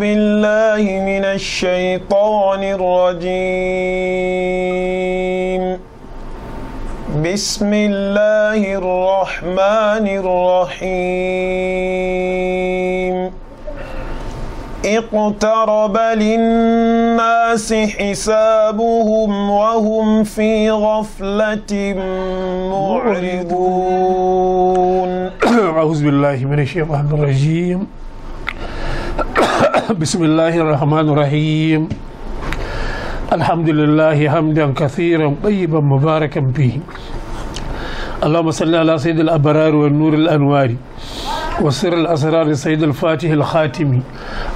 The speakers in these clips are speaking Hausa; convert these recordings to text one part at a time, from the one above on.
بالله من الشيطان الرجيم بسم الله الرحمن الرحيم اقترب للناس حسابهم وهم في غفلة معرضون أعوذ بالله من الشيطان الرجيم بسم الله الرحمن الرحيم الحمد لله حمدا كثيرا طيبا مباركا فيه اللهم صل على سيد الأبرار والنور الأنوار وسر الأسرار سيد الفاتح الخاتم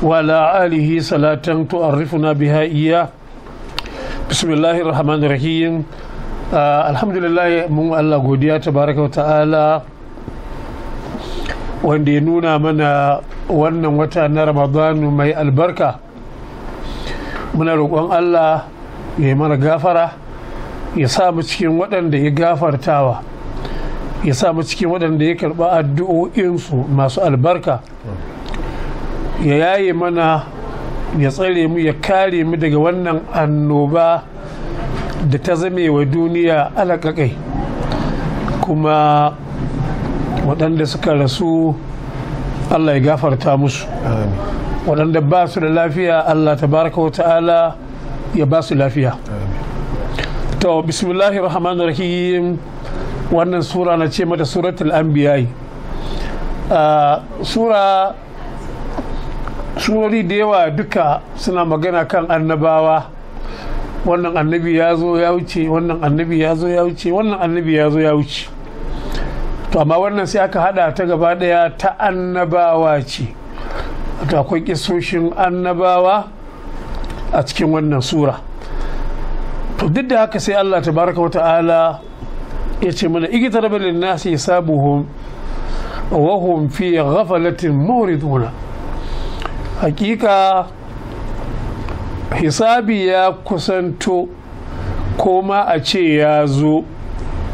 وعلى آله صلاة تعرفنا بها إياه بسم الله الرحمن الرحيم آه الحمد لله من الله غوديا تبارك وتعالى وندينونا من ya wannan wata na ramadanu mai albarka muna roƙon allah ya yi mana gafara ya samu cikin waɗanda ya gafartawa ya samu cikin waɗanda ya karɓa addu'o'insu masu albarka ya yaye mana ya tsare mu ya kare mu daga wannan annoba da ta zame wa duniya alaƙaƙai kuma waɗanda suka rasu Allah ya gafarta musu waɗanda ba su da lafiya Allah tabaraka wa ta'ala ya ba su lafiya to bismillahir rahmanir rahim wannan sura na ce mata suratul anbiya sura surori da yawa duka suna magana kan annabawa wannan annabi ya zo ya wuce wannan annabi ya zo ya wuce wannan annabi ya zo ya wuce to amma wannan sai aka hada ta gaba daya ta annabawa ce ta akwai kisoshin annabawa a cikin wannan sura to duk da haka sai Allah tabaraka wa ta'ala ya ce mana igita rabin linnasi hisabuhum wa hum fi ghafalatin muriduna hakika hisabi ya kusanto ko ma a ce ya zo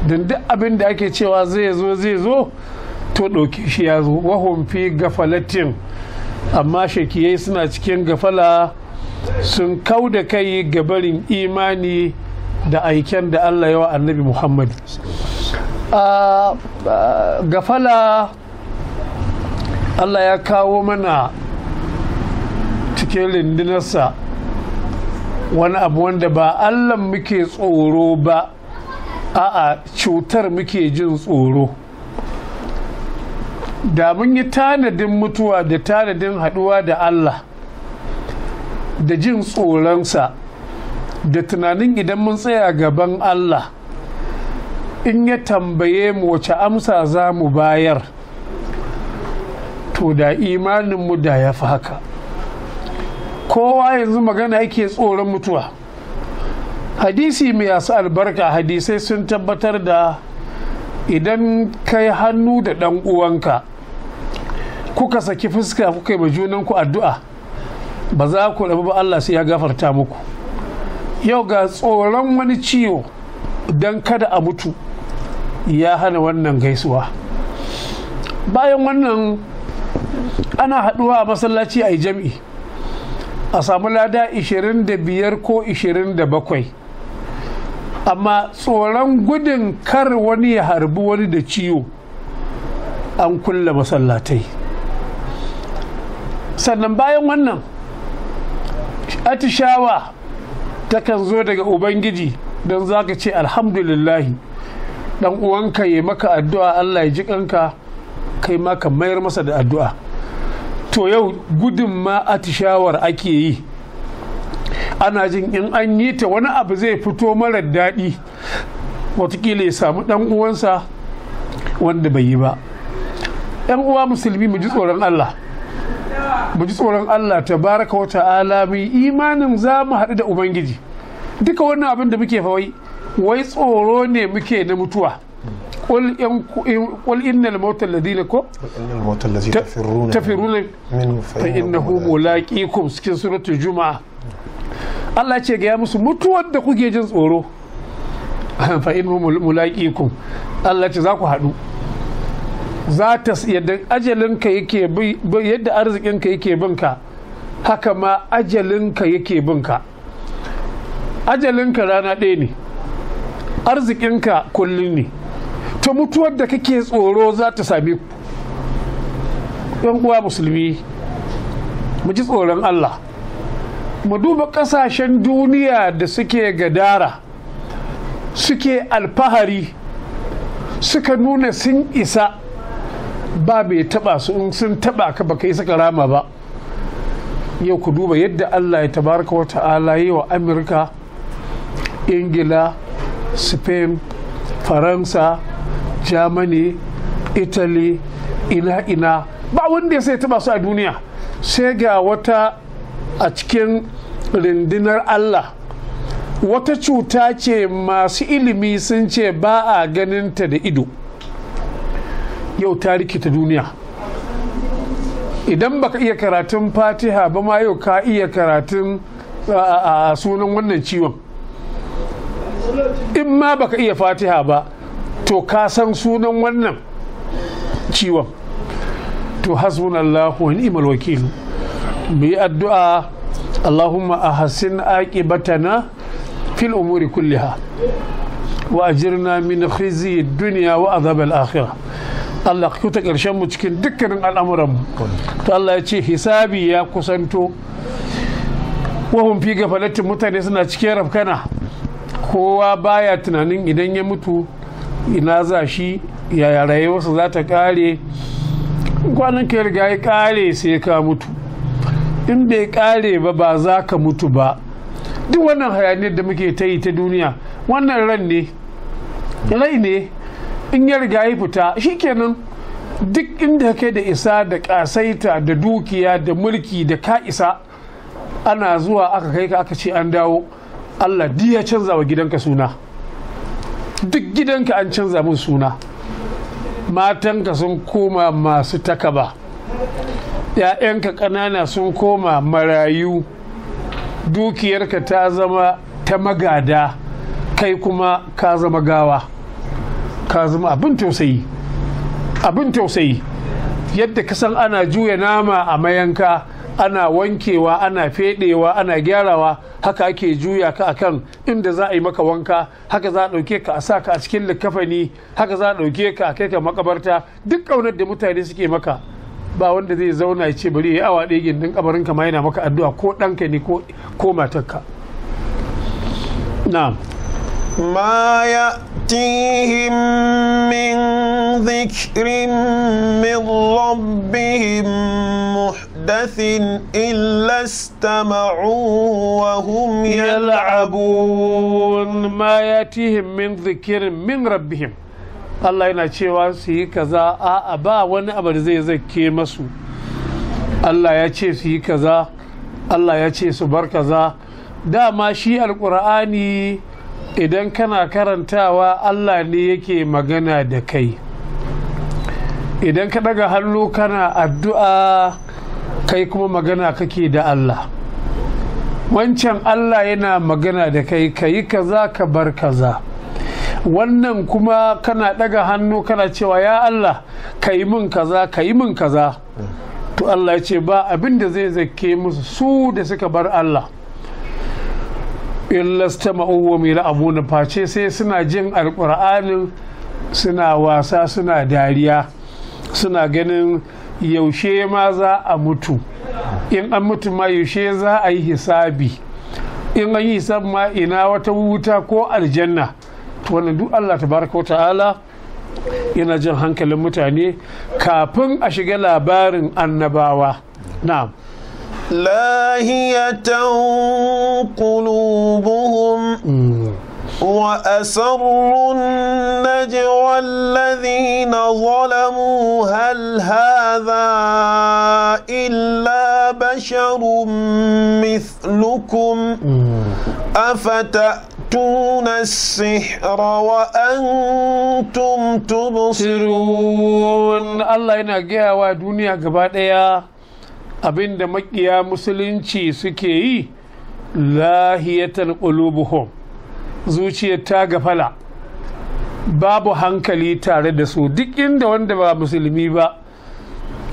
don duk abin da ake cewa zai zo zai zo to ɗauki shi ya zo wahun fi gafalatin amma shakiyai suna cikin gafala sun kau da kai gabarin imani da aiken da Allah yawa annabi Muhammad gafala Allah ya kawo mana cikin rindinarsa wani abu wanda ba Allah muke tsoro ba a'a cutar muke jin tsoro da mun yi tanadin mutuwa da tanadin haɗuwa da Allah da jin tsoronsa da tunanin idan mun tsaya gaban Allah in ya tambaye mu wace amsa za mu bayar to da imaninmu da ya fi haka kowa yanzu magana yake tsoron mutuwa hadisi mai yasu albarka hadisai sun tabbatar da idan kai hannu da ɗan uwanka kuka saki fuska kuka yi junan ku addu'a ba za ku rabu ba Allah sai ya gafarta muku yau ga tsoron wani ciwo don kada a mutu ya hana wannan gaisuwa bayan wannan ana haɗuwa a masallaci a yi jam'i a samu lada 25 ko 27 amma tsoron gudun kar wani ya harbi wani da ciwo an kulle masallatai sannan bayan wannan atishawa takan zo daga ubangiji don za ka ce alhamdulillahi dan uwanka ya maka addu'a allah ya ji kanka kai maka mayar masa da addu'a to yau gudun ma atishawar ake yi ana jin in an yi ta wani abu zai fito mara daɗi watakila ya samu ɗan uwansa wanda bai yi ba ‘yan uwa musulmi mu ji tsoron Allah mu ji tsoron Allah ta baraka wata alami imanin za mu haɗu da Ubangiji duka wani abin da muke fawai wai tsoro ne muke na mutuwa قل إن قل إن الموت الذين كو الموت الذي تفرون تفرون منه فإنه ملاقيكم سكن سورة الجمعة الله ce ga musu mutuwar da kuke jin tsoro fa innahu mulaqikum Allah ce za ku haɗu za ta yadda ajalinka yake yadda arzikinka yake binka haka ma ajalinka yake binka ajalinka rana ɗaya ne arzikinka kullum ne ta mutuwar da kake tsoro za ta same ku yan uwa musulmi mu ji tsoron Allah mu duba ƙasashen duniya da suke gadara suke alfahari suka nuna sun isa ba bai taba su in sun taba ka baka isa karama ba yau ku duba yadda Allah ya tabaraka wa ta'ala yi wa Amurka ingila spain faransa germany italy ina ina ba wanda ya sai taba su a duniya sai ga wata a cikin rindinar allah wata cuta ce masu ilimi sun ce ba a ganin ta da ido yau ta rikita duniya idan baka iya karatun fatiha ba ma yau ka iya karatun a sunan wannan ciwon in ma baka iya fatiha ba to ka san sunan wannan ciwon to hasbunallahu wa ni'mal wakil mu yi addu'a allahumma ahsin aqibatana fil umuri kulliha wa ajirna min khizi dunya wa azab al akhirah Allah mu cikin dukkanin al'amuran to Allah ya ce hisabi ya kusanto wahun fi gafalatin mutane suna cikin rafkana kowa baya tunanin idan ya mutu ina za shi yaya rayuwarsa za ta kare kwanan ka riga ya kare sai ka mutu in bai kare ba ba za ka mutu ba duk wannan hayaniyar da muke ta yi ta duniya wannan ran ne rai ne in ya riga ya fita shikenan duk inda kai da isa da kasaita da dukiya da mulki da ka isa ana zuwa aka kai ka aka ce an dawo allah ya canza wa gidanka suna duk gidanka an canza min suna matanka sun koma masu takaba ‘ya'yanka ƙanana sun koma marayu dukiyarka ta zama ta magada kai kuma ka zama gawa ka zama abin tausayi abin tausayi yadda kasan ana juya nama a mayanka ana wankewa ana fedewa ana gyarawa haka ake juya ka a kan inda za a yi maka wanka haka za a ɗauke ka a sa ka a cikin likafani haka za a ɗauke ka a kai ka makabarta duk ƙaunar da mutane suke maka ba wanda zai zauna ya ce bari ya yi awa ɗaya gindin kabarin ka yana maka addu'a ko ɗanka ne ko matarka na ma ya tihim min zikirin min rabbihim محدث إلا استمعوه وهم يلعبون ما min من ذكر من ربهم Allah yana cewa su yi kaza a'a ba wani abu da zai zake masu Allah ya ce su yi kaza Allah ya ce su bar kaza dama shi alkur'ani idan kana karantawa Allah ne yake magana da kai idan ka daga hannu kana addu'a kai kuma magana kake da Allah wancan Allah yana magana da kai ka yi kaza ka bar kaza wannan kuma kana ɗaga hannu kana cewa ya Allah ka yi min kaza ka yi min kaza to Allah ya ce ba abin da zai zake musu su da suka bar Allah illa stama'u wa abu na face sai suna jin alƙur'anin suna wasa suna dariya suna ganin yaushe ma za a mutu in an mutu ma yaushe za a yi hisabi in an yi hisabi ma ina wata wuta ko aljanna to wannan duk Allah tabaraka wa ta'ala yana jan hankalin mutane kafin a shiga labarin annabawa na'am lahiyatan qulubuhum mm. وأسروا النجوى الذين ظلموا هل هذا إلا بشر مثلكم أفتأتون السحر وأنتم تبصرون الله ينقيها ودنيا قبادية abin da makiya musulunci suke yi lahiyatan qulubuhum zuciyar ta gafala babu hankali tare da su duk inda wanda ba musulmi ba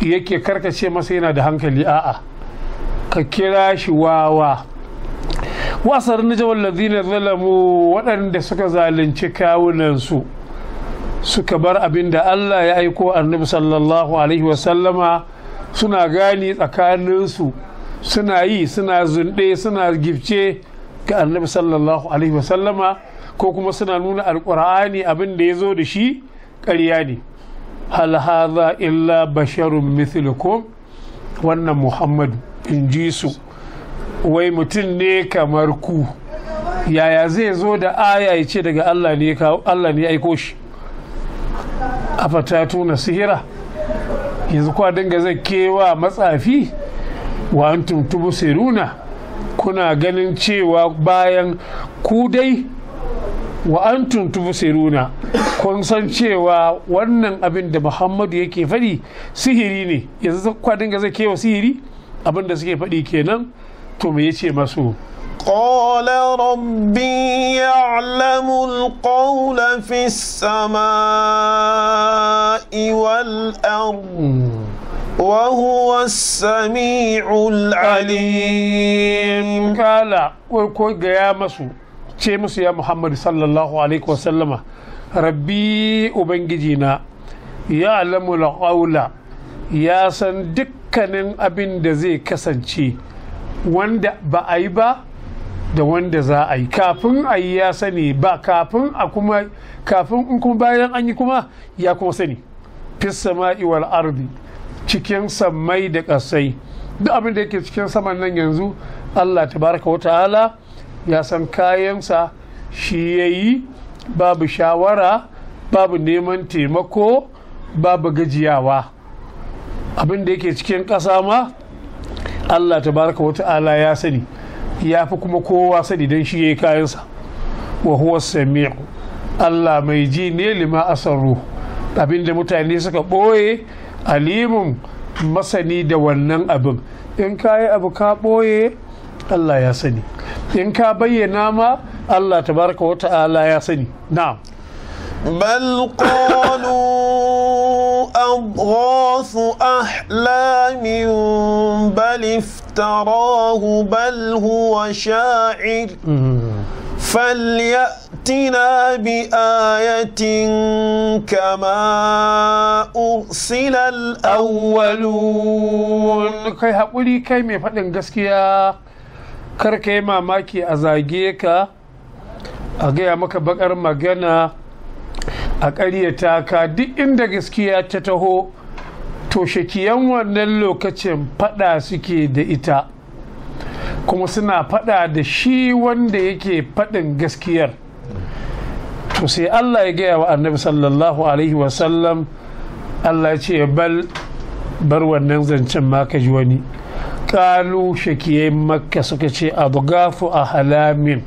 yake karkace masa yana da hankali a'a ka kira shi wawa wasar na jawar lazina zalamu waɗanda suka zalunci kawunansu suka bar abin da allah ya aiko annabi sallallahu alaihi wasallama suna gani tsakaninsu suna yi suna zunɗe suna gifce ga annabi sallallahu alaihi wasallama ko kuma suna nuna alkur'ani abin da ya zo da shi ƙarya ne hal hadha illa basharun mithlukum wannan muhammadu in ji su wai mutum ne kamar ku yaya zai zo da aya ya ce daga allah ne ya aiko shi a fatatu na sihira yanzu kwa dinga zai kewa matsafi wa antum tubsiruna kuna ganin cewa bayan ku dai wa an tuntubu seruna kun san cewa wannan abin da muhammadu yake faɗi sihiri ne yanzu kwadin dinga zai kewa sihiri abin da suke faɗi kenan to me yace masu قال ربي يعلم القول في السماء والأرض وهو السميع العليم قال كوي غيا مسو ce masu ya muhammad sallallahu alaihi wasallama rabbi ubangijina ya alamu la'aula ya san dukkanin abin da zai kasance wanda ba a yi ba da wanda za a yi kafin a yi ya sani ba kafin kuma in kuma bayan an yi kuma ya kuma sani fis sama'i wal ardi cikin sammai da ƙasai duk abin da yake cikin saman nan yanzu allah tabaraka wata'ala ya san kayansa shi ya yi babu shawara babu neman taimako babu gajiyawa abin da yake cikin ƙasa ma allah tabaraka wata'ala ya sani ya fi kuma kowa sani don shi ya yi kayansa wa huwa sami'u allah mai ji ne lima asaru abin da mutane suka ɓoye alimun masani da wannan abin in ka yi abu ka boye Allah ya sani in ka bayyana ma Allah tabaraka wa ta'ala ya sani na'am بل قالوا أضغاث أحلام بل افتراه بل هو شاعر فليأت فأتنا بآية كما أرسل الأولون كي هقولي كي مفتن فتن قسكيا كركي ما ماكي أزاجيكا أغي أمك بقر مغانا أكالي يتاكا دي إندا قسكيا تتهو to shakiyan wannan lokacin fada suke da ita kuma suna fada da shi wanda yake faɗin gaskiyar to sai Allah ya gaya wa annabi sallallahu alaihi wasallam Allah ya ce bal bar wannan zancen ma ka ji wani kalu shakiyai makka suka ce abgafu a halamin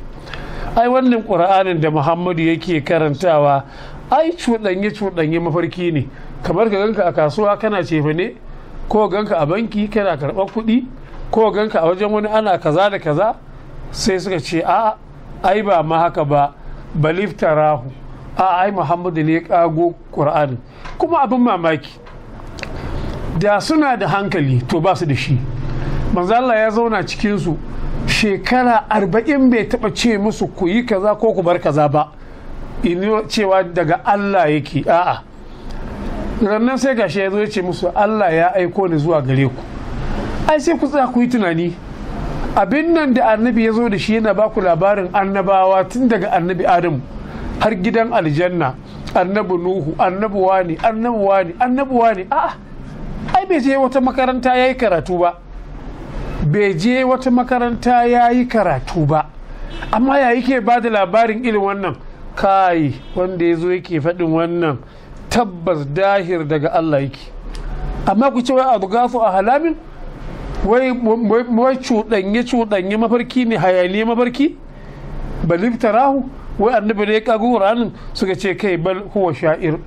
ai wannan ƙura'anin da muhammadu yake karantawa ai cuɗanye cuɗanye mafarki ne kamar ka ganka a kasuwa kana cefa ne ko ganka a banki kana karɓar kuɗi ko ganka a wajen wani ana kaza da kaza sai suka ce a ai ba ma haka ba Balif baliftarahu a ai muhammadu ne ya kago qurani kuma abin mamaki da suna da hankali to ba su da shi manzala ya zauna cikinsu shekara arba'in bai taɓa ce musu ku yi kaza ko ku bar kaza ba ino cewa daga allah yake a'a rannan sai gashi ya zo ya ce musu allah ya aiko ni zuwa gare ku ai sai ku tsaya ku yi tunani abin nan da annabi ya zo da shi yana baku labarin annabawa tun daga annabi adam har gidan aljanna annabi nuhu annabi wani annabi wani annabi wani a'a ai bai je wata makaranta ya yi karatu ba bai je wata makaranta ya yi karatu ba amma ya yake ba da labarin irin wannan kai wanda ya zo yake faɗin wannan tabbas dahir daga allah yake amma ku ce wai abu gafu a halamin wai cuɗanye cuɗanye mafarki ne hayali mafarki balif rahu wai annabi ne ya kago ƙuranin suka ce kai bal huwa sha'ir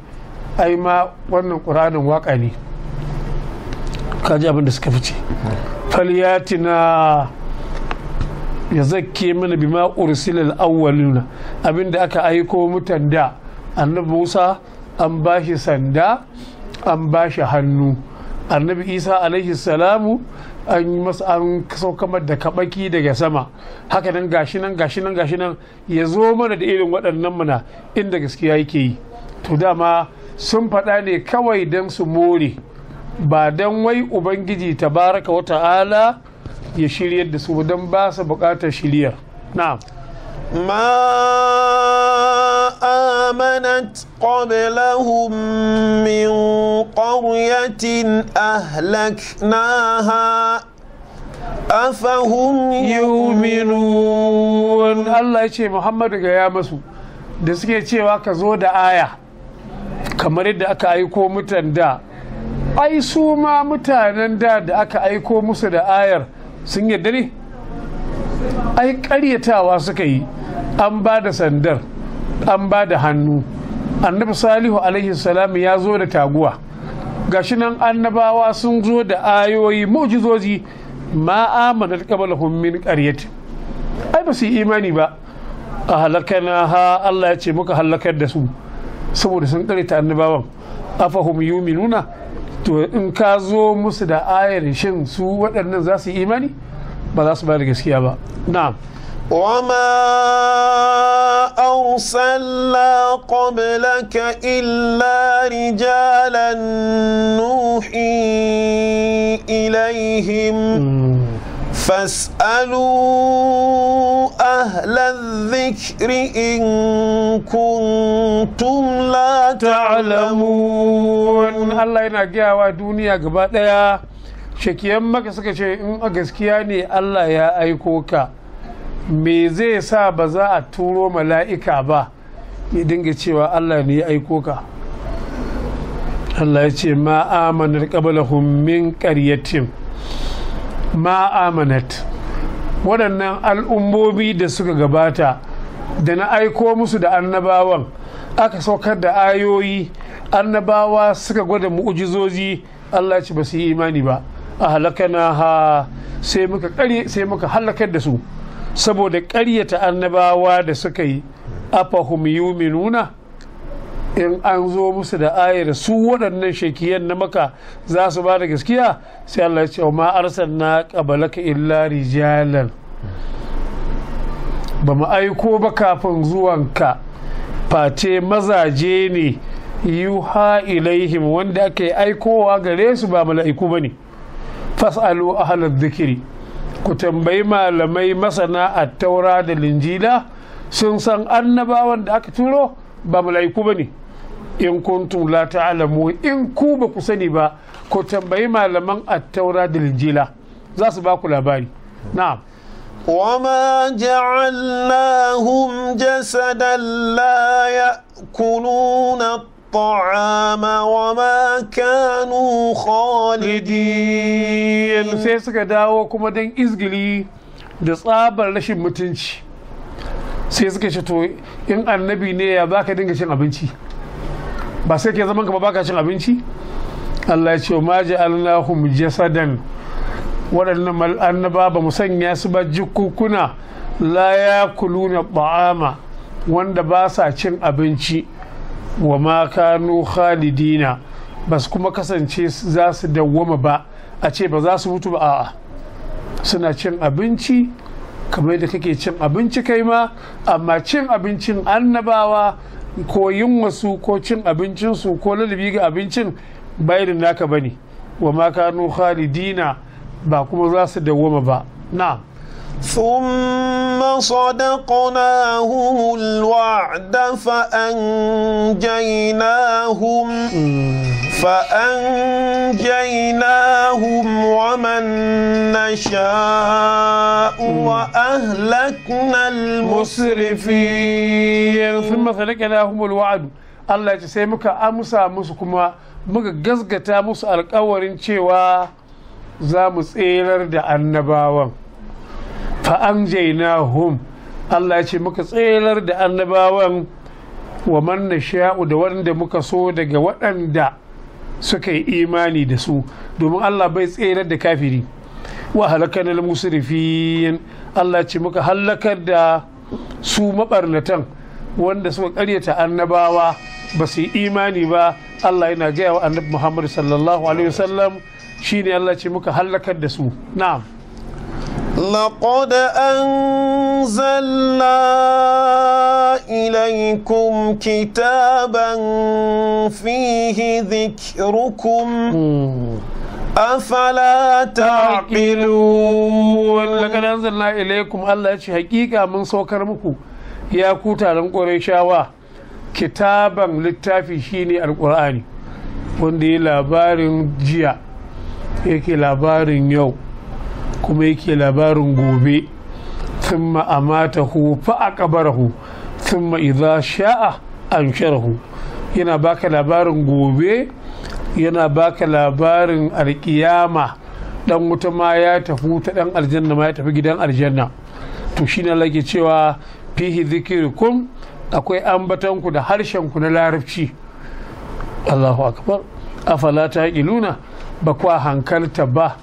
ai ma wannan ƙuranin waƙa ne kaji abin da suka fice falyatina ya zakke mana bima ursilal awwaluna abinda aka aiko mutan da annabi Musa an bashi sanda an bashi hannu annabi Isa alaihi salamu an yi masa an saukamar da kabaki daga sama haka nan gashi nan gashi nan gashi nan ya zo mana da irin waɗannan mana inda gaskiya yake yi to dama sun faɗa ne kawai don su more ba don wai ubangiji tabaraka wa ta'ala ya shirya da su don ba su buƙatar shiryar na'am آمنت قبلهم من قرية أهلكناها أفهم يؤمنون الله يشي محمد يا مسو da suke cewa ka zo da aya kamar yadda aka aiko mutan da ai su ma mutanen da da aka aiko musu da ayar sun yadda ne ai karyatawa suka yi an ba da sandar an ba da hannu annabi salihu alaihi salam ya zo da taguwa gashi nan annabawa sun zo da ayoyi mu'jizozi ma amanat qablahum min qaryat ai ba su imani ba a na ha Allah ya ce muka halakar da su saboda sun kare ta annabawan afahum yuminuna to in ka zo musu da ayar shin su waɗannan za su yi imani ba za su bayar gaskiya ba na'am وما أرسلنا قبلك إلا رجالا نوحي إليهم فاسألوا أهل الذكر إن كنتم لا تعلمون الله ينقيا ودنيا قبلها شكيما مكسكة شيء أغسكياني الله يا أيكوكا me zai sa ba za a turo mala'ika ba ya dinga cewa Allah ne ya aiko ka Allah ya ce ma amanar qablahum min ma amanat waɗannan al'ummomi da suka gabata da na aiko musu da annabawan aka saukar da ayoyi annabawa suka gwada mu'ujizoji Allah ce ba su yi imani ba a halakana ha sai muka halakar da su saboda ƙaryata annabawa da suka yi afahum yuminuna in an zo musu da ayar su waɗannan shekiyan na maka za su ba da gaskiya sai Allah ya ce ma na ƙabalaka illa rijalan ba mu aiko ba kafin zuwanka face mazaje ne yuha ilaihim wanda ake aikowa gare su ba mala'iku ba bane fas'alu ahalar zikiri ku tambayi malamai masana a taura da linjila sun san annabawan da aka turo ba mala'iku ba ne in kuntum la ta'lamu in ku ba ku sani ba ku tambayi malaman attaura da linjila za su ba ku labari na'am وما جعلناهم جسدا لا يأكلون الطعام وما كانوا خالدين sai suka dawo kuma dan izgili da tsabar rashin mutunci sai suka ce to in annabi ne ya baka dinga cin abinci ba sai ke zaman ka ba baka cin abinci Allah ya ce ma ja'alnahum jasadan waɗannan annaba ba mu sanya su ba jikukuna la ya kuluna ba'ama wanda ba sa cin abinci wa ma kanu khalidina ba kuma kasance za su dawwama ba a ce ba za su mutu ba a'a suna cin abinci kamar da kake cin abinci kai ma amma cin abincin annabawa ko yin wasu ko cin abincinsu ko lalabi ga abincin ba naka bane wa ma kanu khalidina ba kuma za su dawwama ba na'am ثم صدقناهم الوعد فأنجيناهم فأنجيناهم ومن نشاء وأهلكنا المسرفين ثم صدقناهم الوعد الله يتسيمك أمسى مسكما muka gasgata musu alkawarin cewa za mu tserar da annabawan fa'anjainahum Allah ya ce muka tselar da annabawan wa man nasha'u da wanda muka so daga waɗanda suka yi imani da su domin Allah bai tserar da kafiri wa halakana musrifin Allah ce muka halakar da su mabarnatan wanda suka karyata annabawa ba su yi imani ba Allah yana gaya wa annabi Muhammad sallallahu alaihi wasallam shine Allah ce muka halakar da su na'am لقد أنزلنا إليكم كتابا فيه ذكركم أفلا تعقلون لقد أنزلنا إليكم الله يشي حقيقة من سوكر مكو يا كوتا لنقوري شاوا كتابا للتافي شيني القرآن وندي لابارن جيا يكي labarin يوم kuma yake labarin gobe thumma amatahu fa aqbarahu thumma idza sha'a ansharahu yana baka labarin gobe yana baka labarin alƙiyama ɗan wuta ma ya tafi ta ɗan aljanna ma ya tafi gidan aljanna to shine lage cewa fihi zikirkum akwai ambatanku da harshenku na larabci Allahu akbar afala ta iluna ba kwa hankalta ba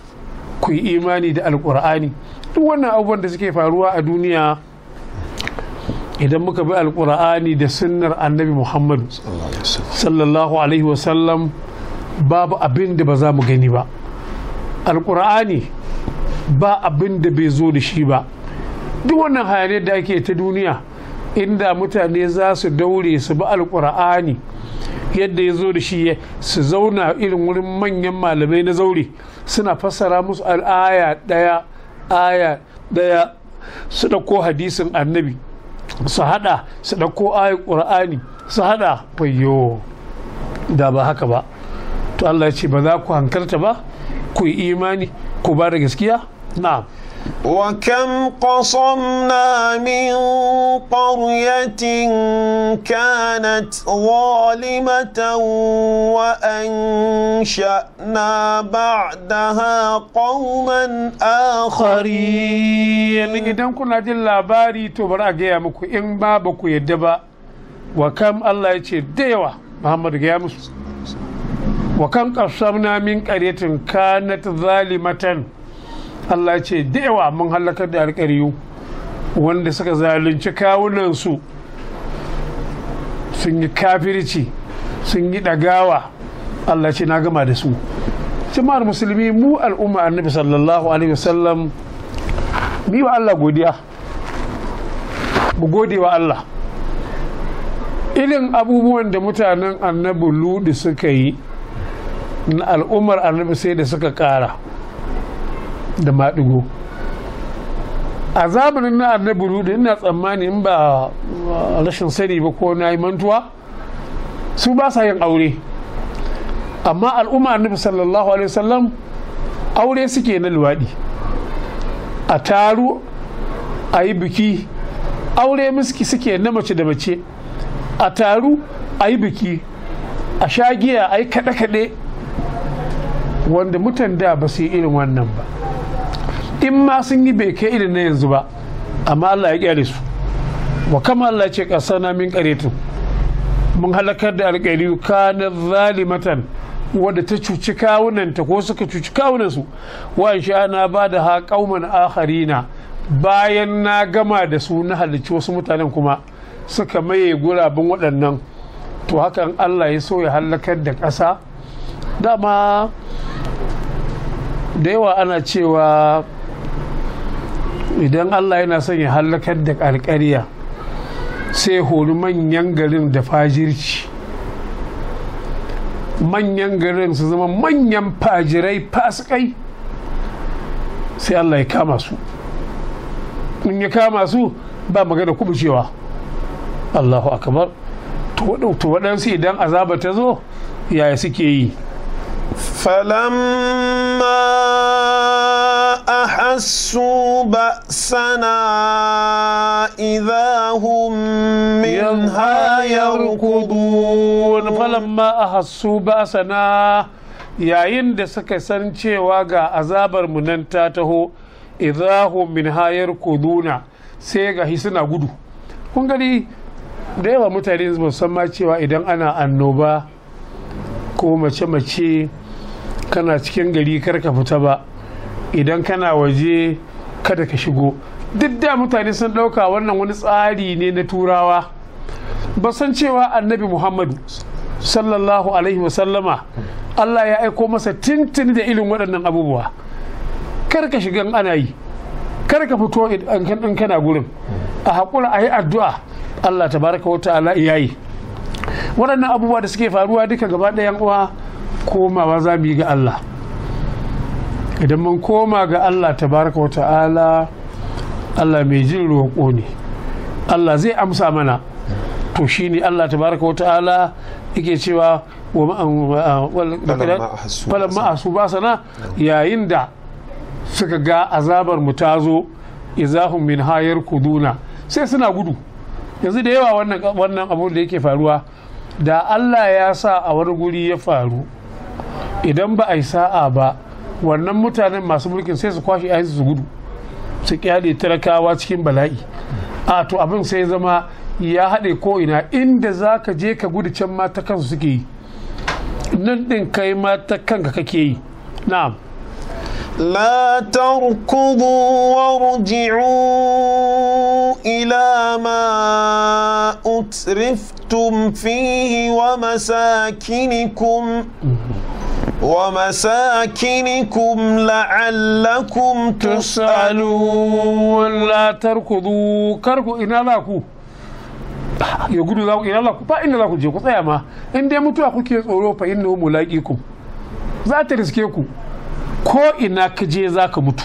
ku yi imani da alkur'ani duk wannan abubuwan da suke faruwa a duniya idan muka bi alkur'ani da sunnar annabi muhammad sallallahu alaihi wasallam babu abin da ba za mu gani ba alkur'ani ba abin da bai zo da shi ba duk wannan hayaniyar da ake ta duniya inda mutane za su daure su bi alkur'ani yadda ya zo da shi su zauna irin wurin manyan malamai na zaure suna fassara musu al'aya ɗaya aya ɗaya su ɗauko hadisin annabi su haɗa su ɗauko ayin ƙur'ani su haɗa fayyo da ba haka ba to Allah ya ce ba za ku hankarta ba ku yi imani ku ba da gaskiya na'am وكم قصمنا من قرية كانت ظالمة وأنشأنا بعدها قوما آخرين إذا كنا جل باري تبرع جيامك إن بابك يدبا وكم الله يتشي ديوة محمد جيامس وكم قصمنا من قرية كانت ظالمة Allah ce da yawa mun halakar da alƙaryu wanda suka zalunci kawunansu sun yi kafirci sun yi ɗagawa Allah ce na gama da su jama'ar musulmi mu al'umma annabi sallallahu alaihi wasallam mu wa Allah godiya mu gode wa Allah irin abubuwan da mutanen annabi ludi suka yi na al'ummar annabi sai da suka ƙara da maɗigo a zamanin na annabi da ina tsammani in ba rashin sani ba ko na yi mantuwa su ba sa yin aure amma al'umma annabi sallallahu alaihi wasallam aure suke na luwaɗi a taru a yi biki aure miski suke na mace da mace a taru a yi biki a shagiya a yi kaɗe-kaɗe wanda mutan da ba su yi irin wannan ba in ma sun yi bai kai irin na yanzu ba amma Allah ya kyale su wa kama Allah ce na min karetu mun halakar da alƙari na zalimatan wadda ta cuci kawunanta ko suka cuci kawunansu wa na ba da ha kauman na bayan na gama da su na halicci wasu mutanen kuma suka maye gurabin waɗannan to hakan Allah ya so ya hallakar da ƙasa dama da yawa ana cewa idan allah yana son ya hallakar da alkariya sai hori manyan garin da fajirci manyan garin su zama manyan fajirai fasikai sai allah ya kama su in ya kama su ba magana kuma cewa allahu akbar to waɗansu idan azaba ta zo yaya suke yi falamma أحسوا بأسنا إذا هم منها يركضون فلما أحسوا بأسنا yayin da suka san cewa ga azabar mu nan ta taho idahum min hayar kuduna sai ga suna gudu kun gani da yawa mutane musamman cewa idan ana annoba ko mace-mace kana cikin gari kar ka fita ba idan kana waje kada ka shigo duk da mutane sun ɗauka wannan wani tsari ne na turawa ba san cewa annabi muhammadu sallallahu alaihi wasallama allah ya aiko masa Tintin da ilin waɗannan abubuwa kar ka shiga ana yi kar ka fito in kana gurin a haƙura a yi addu'a allah ta baraka wata ya yi waɗannan abubuwa da suke faruwa duka gaba ɗayan uwa komawa za mu yi ga allah idan mun koma ga allah tabaraka wa ta'ala allah mai jin roƙo ne allah zai amsa mana to shine allah tabaraka wa ta'ala yake cewa ma'a ma'asu ba sana yayin da suka ga azabar mu ta zo izahun min hayar kuduna sai suna gudu yanzu da yawa wannan abun da yake faruwa da allah ya sa a wani guri ya faru idan ba a yi sa'a ba wannan mutanen masu mulkin sai su kwashe ayin su gudu su kyale talakawa cikin bala'i a to abin sai zama ya haɗe ko ina inda za ka je ka gudu can mata ta kansu suke yi nan ɗin kai ma kanka kake yi na'am لا تركضوا وارجعوا إلى ما أترفتم فيه ومساكنكم ومساكنكم لعلكم تسألون لا تركضوا كركو إن لكم ya gudu za ku ina ku ba inda za ku je ku tsaya ma in dai mutuwa kuke tsoro fa inna mulaqikum za ta riske ku ko ina ka je za ka mutu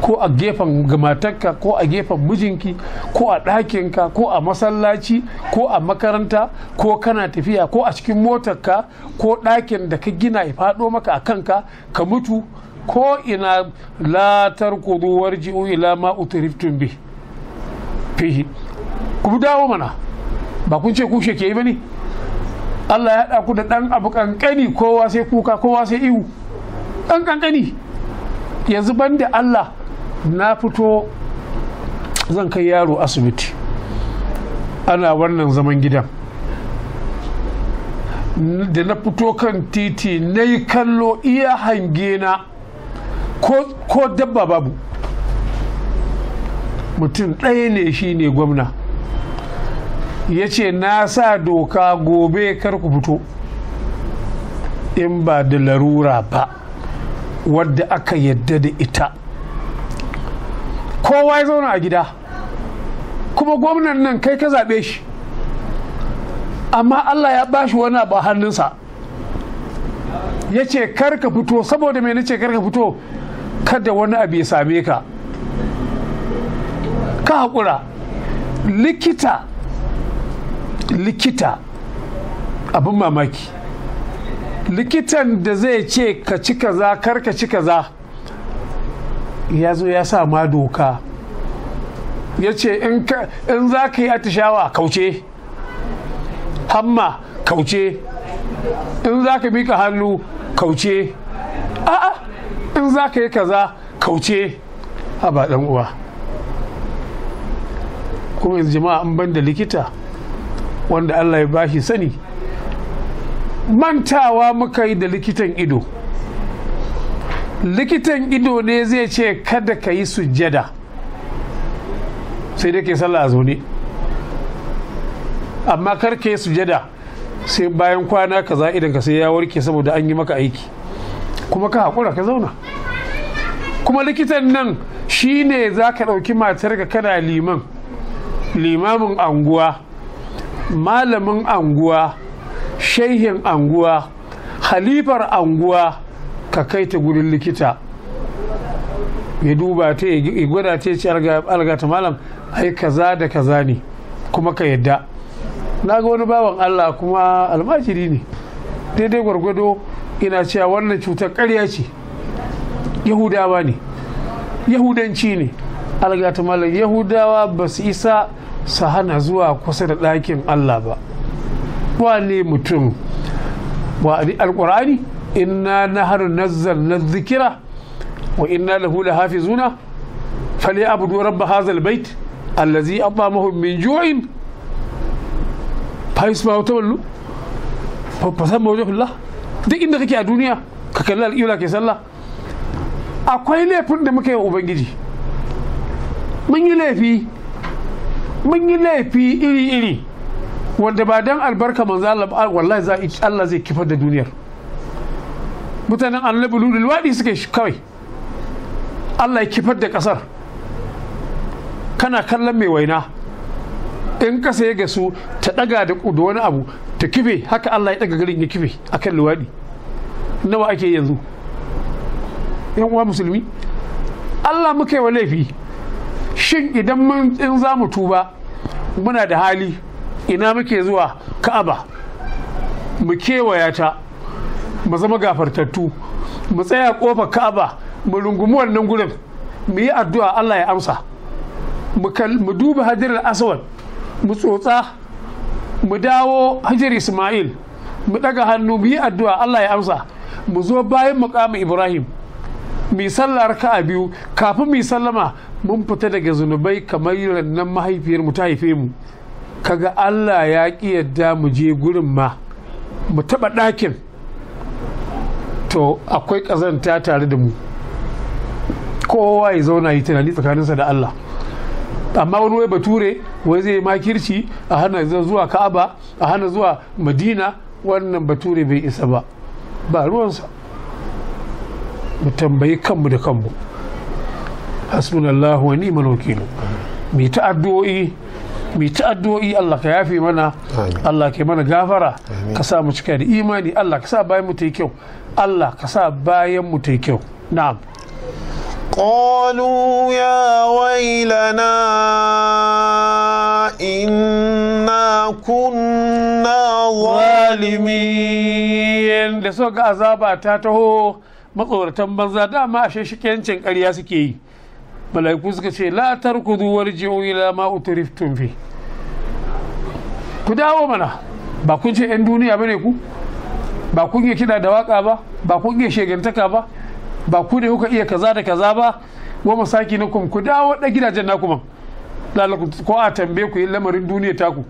ko a gefen gamatakka ko a gefen mijinki ko a ɗakinka ko a masallaci ko a makaranta ko kana tafiya ko a cikin motarka ko ɗakin da ka gina ya faɗo maka a kanka ka mutu ko ina latar kuduwar ji'u ila ma utariftun bi fihi ku dawo mana ba kun ce kushe ke yi ba ne Allah ya haɗa ku da ɗan abu ƙanƙani kowa sai kuka kowa sai ihu ɗan ƙanƙani yanzu ban da Allah na fito zan kai yaro asibiti ana wannan zaman gidan da na fito kan titi na yi kallo iya hange na ko dabba babu mutum ɗaya ne shi ne gwamna ya ce na sa doka gobe kar ku fito in ba da larura ba wadda aka yadda da ita kowa ya zauna a gida kuma gwamnan nan kai ka zaɓe shi amma allah ya bashi wani abu a hannunsa ya ce karka fito saboda mai nace karka fito kada wani abu ya same ka ka haƙura likita likita abin mamaki likitan da zai ce ka ci kaza kar ka ci kaza ya zo ya sa ma doka ya ce in za ka yi atishawa kauce hamma kauce in za ka miƙa hannu kauce a'a in za ka yi kaza kauce a ba ɗan uwa kuma yanzu jama'a an ban da likita wanda allah ya bashi sani mantawa muka yi da likitan ido likitan ido ne zai ce kada ka yi sujjada sai dai ke sallah zaune amma kar ka yi sujjada sai bayan kwana za idan ka sai ya warke saboda an yi maka aiki kuma ka haƙura ka zauna kuma likitan nan shi ne za ka ɗauki matarka kana liman limamin anguwa malamin anguwa shehin anguwa halifar anguwa ka kai ta gurin likita ya duba ta ya gwada ta ce algata malam ai kaza da kaza ne kuma ka yadda na ga wani bawan allah kuma almajiri ne daidai gwargwado ina cewa wannan cutar karya ce yahudawa ne yahudanci ne algata malam yahudawa ba su isa su hana zuwa kusa da ɗakin allah ba kwale mutum wa'adi alqur'ani inna nahar nazzalna dhikra wa inna lahu lahafizuna falyabudu rabb hadha albayt alladhi atamahu min ju'in fa isma'u tawallu fa fasamma wajhullah duk inda kake a duniya ka kalli alƙibla ke sallah akwai laifin da muke wa ubangiji mun yi laifi mun yi laifi iri-iri wanda ba don albarka manzo Allah wallahi Allah zai kifar da duniyar mutanen annabi lulul wadi suke kawai Allah ya kifar da kasar kana kallon mai waina in kasa ya gasu ta daga da wani abu ta kife haka Allah ya daga garin ya kife akan luwadi nawa ake yanzu yan uwa musulmi Allah muka yi wa laifi shin idan mun in za mu tuba muna da hali ina muke zuwa ka'aba mu kewaya ta mu zama gafartattu mu tsaya kofar ka'aba mu rungumi wannan gurin mu yi addu'a Allah ya amsa mu duba hajjar aswad mu tsotsa mu dawo hajjar ismail mu daga hannu mu yi addu'a Allah ya amsa mu zo bayan mukamin ibrahim mu ka a biyu kafin mu sallama mun fita daga zunubai kamar rannan mahaifiyar mu ta haife mu kaga Allah ya ƙi yadda mu je gurin ma mu taɓa ɗakin to akwai ƙazanta tare da mu kowa ya zauna yi tunani tsakaninsa da Allah amma wani wai bature wai zai makirci a hana zuwa ka'aba a hana zuwa madina wannan bature bai isa ba ba ruwansa mu tambayi kanmu da kanmu hasbunallahu wa ni'mal wakilu mu ta addu'o'i mu ta addu'o'i Allah ka yafe mana Allah ke mana gafara ka sa mu cika da imani Allah ka sa bayan mu ta kyau Allah ka sa bayan mu ta yi kyau na'am قالوا يا ويلنا إنا kunna ظالمين da suka azaba ta taho matsoratan banza dama ashe shi ƙarya suke yi mala'iku suka ce la tarkudu warji'u ila ma utriftum fi ku dawo mana ba kun ce yan duniya bane ku ba kun yi kida da waka ba ba kun yi shegantaka ba ba ku ne kuka iya kaza da kaza ba wa masakinakum ku dawo da gidajen naku man ko a tambaye ku yin lamarin duniya taku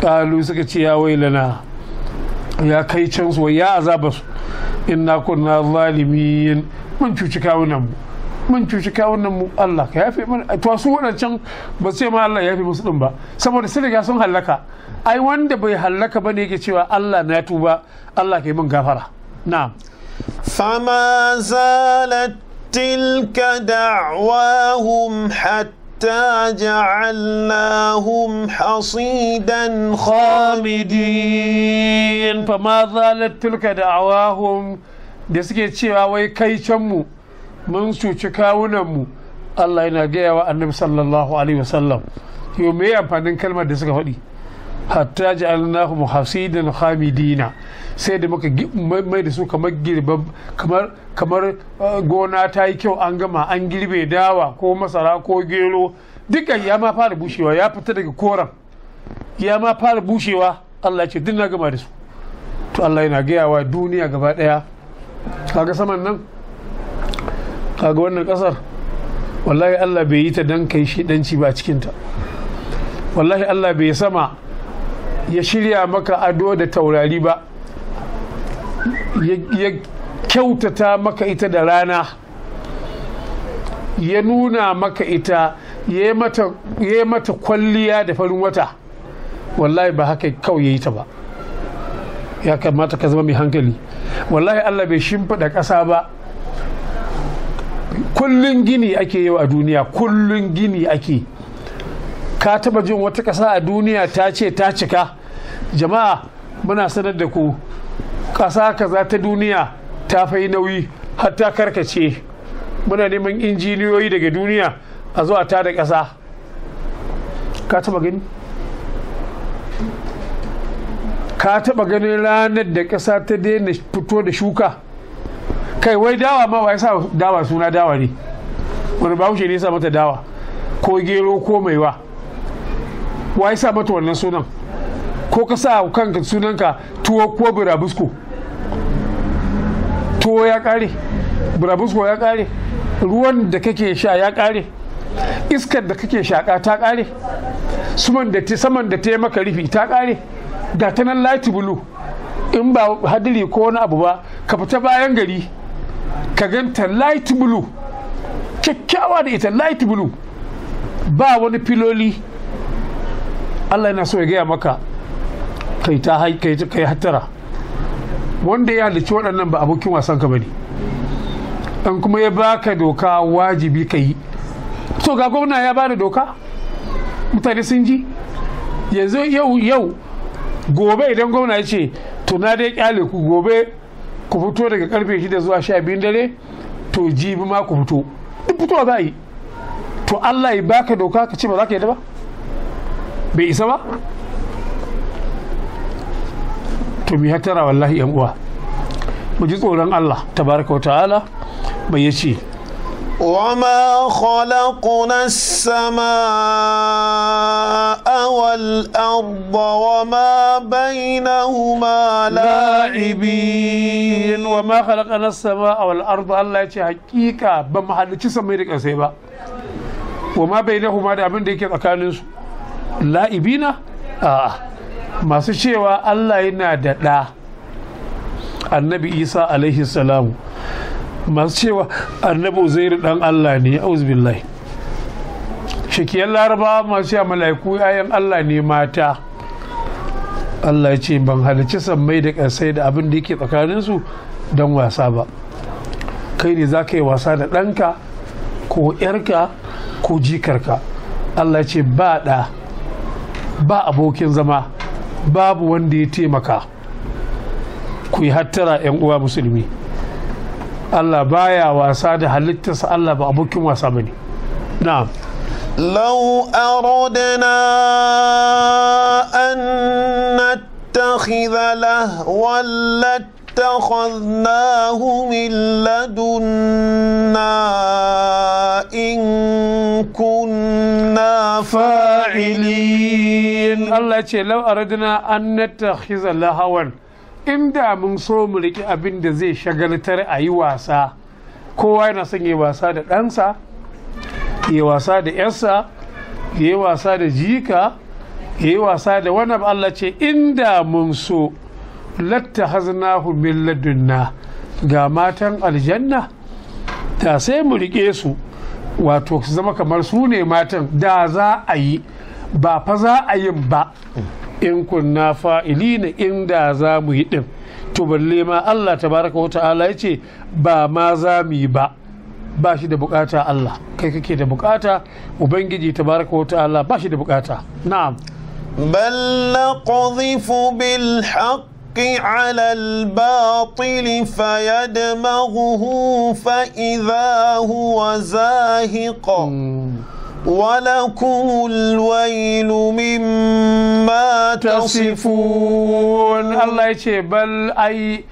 kalu suka ce ya wailana ya kai can su ya azaba su inna kunna zalimin mun cuci kawunan mu mun cuci kawunan mu Allah ka yafe to su waɗancan ba ce ma Allah ya yafe musu din ba saboda sun riga sun hallaka ai wanda bai hallaka bane yake cewa Allah na tuba Allah ka yi gafara na'am fama zalat tilka da'wahum hatta ja'alnahum hasidan khamidin fama zalat tilka da'wahum da suke cewa wai kai can mu mun cuci kawunanmu Allah yana gaya wa annabi sallallahu alaihi wasallam yau me amfanin kalmar da suka faɗi hatta ja'alnahu muhasidin hamidina sai da muka mai da su kamar kamar kamar uh, gona ta yi kyau an gama an girbe dawa ko masara ko gero dukkan ya ma fara bushewa ya fita daga koran ya ma fara bushewa Allah ce duk na gama da su to Allah yana gaya wa duniya gaba daya kaga saman nan kaga wannan kasar wallahi Allah bai yi ta don kai shedanci ba cikinta wallahi Allah bai sama ya shirya maka ado da taurari ba ya kyautata maka ita da rana ya nuna maka ita ya yi mata kwalliya da farin wata wallahi ba haka kawai ya yi ta ba ya kamata ka zama mai hankali wallahi Allah bai shimfiɗa ƙasa ba kullun gini ake yau a duniya kullun gini ake ka taba jin wata ƙasa a duniya ta ce ta cika jama'a muna sanar da ku ƙasa kaza ta duniya ta fai nauyi har ta karkace muna neman injiniyoyi daga duniya a zuwa ta da ƙasa ka taba gani ka taba ganin ranar da ƙasa ta daina fito da shuka kai wai dawa ma wai sa dawa suna dawa ne wani bahaushe ne sa mata dawa ko gero ko maiwa wai sa mata wannan sunan ko ka sa kanka sunanka tuwo ko burabusko tuwo ya kare burabusko ya kare ruwan da kake sha ya kare iskar da kake shaka ta kare suman da saman da ta maka rufi ta kare ga ta nan light blue in ba hadiri ko wani abu ba ka fita bayan gari ka ganta light blue kyakkyawa da ita light blue ba wani filoli Allah yana so ya gaya maka kai ta kai hattara wanda ya halicci waɗannan ba abokin wasan ka bane dan kuma ya baka doka wajibi ka yi so ga gwamna ya bada doka mutane sun ji yanzu yau yau gobe idan gwamna ya ce to na dai kyale ku gobe ku fito daga karfe shida zuwa sha biyun dare to jibi ma ku fito duk fitowa za a yi to Allah ya baka doka ka ce ba za ka yi ba bai isa ba to mi hatara wallahi yan uwa mu ji tsoron Allah tabaraka wa ta'ala bai yace وما خلقنا السماء والأرض وما بينهما لاعبين وما خلقنا السماء والأرض الله يجي حقيقة بمحل تسميرك أسيبا وما بينهما دا من ديك أكانس لاعبين آه ما سيشيوا الله ينادى النبي إيسى عليه السلام masu cewa annabi uzairu dan Allah ne auzubillahi shakiyar laraba masu ya mala'iku yayan Allah ne mata Allah ya ce ban halarci sammai da ƙasai da abin da yake su don wasa ba kai ne za ka yi wasa da ɗanka ko ‘yarka ko jikarka Allah ce ba ɗa ba abokin zama babu wanda ya taimaka ku yi hattara 'yan uwa musulmi الله بايا وساد هلتس الله بابوكم واسابني نعم لو أردنا أن نتخذ له ولا اتخذناه من لدنا إن كنا فاعلين الله يقول لو أردنا أن نتخذ لهوا inda mun so mu riƙe abin da zai shagaltar a yi wasa kowa yana son yi wasa da ɗansa yi wasa da yarsa yi wasa da jika yi wasa da wani Allah ce inda mun so latta haznahu min ladunna ga matan aljanna da sai mu riƙe su wato su zama kamar su ne matan da za a yi ba fa za a yin ba in kunna fa'ili na inda za mu yi din balle ma Allah tabaraka wa ta'ala ya ce ba ma za mu yi ba ba shi da bukata Allah kai kake da bukata ubangiji tabaraka wa ta'ala ba shi da bukata na'am bal naqdhifu bil haqq على الباطل فيدمغه فإذا هو زاهق ولكم الويل مما تصفون الله يشي بل أي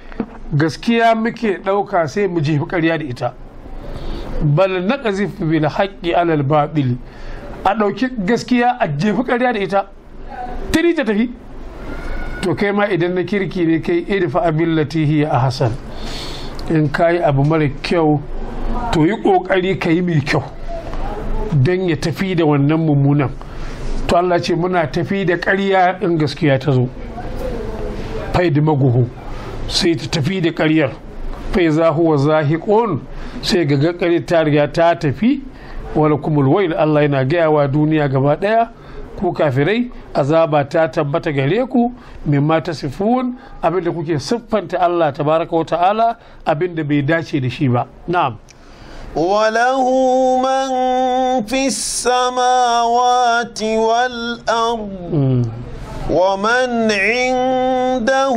gaskiya muke ɗauka sai mu jefi ƙarya da ita bal na ƙazifi bil haƙƙi alal a ɗauki gaskiya a jefi ƙarya da ita tiri ta tafi to kai ma idan na kirki ne kai iri fa abin hiya a hasan in kayi abu mara kyau to yi ƙoƙari ka yi mai kyau don ya tafi da wannan mummunan to Allah ce muna tafi da ƙarya in gaskiya ta zo fai da maguhu sai ta tafi da karyar. fai za huwa sai ga ƙaryar ta riga ta tafi wala kumul wail Allah yana gaya wa duniya gaba ɗaya ku kafirai azaba ta tabbata gare ku mai mata sifun abinda kuke siffanta Allah tabaraka wa ta'ala abinda bai dace da shi ba na'am وله من في السماوات والأرض ومن عنده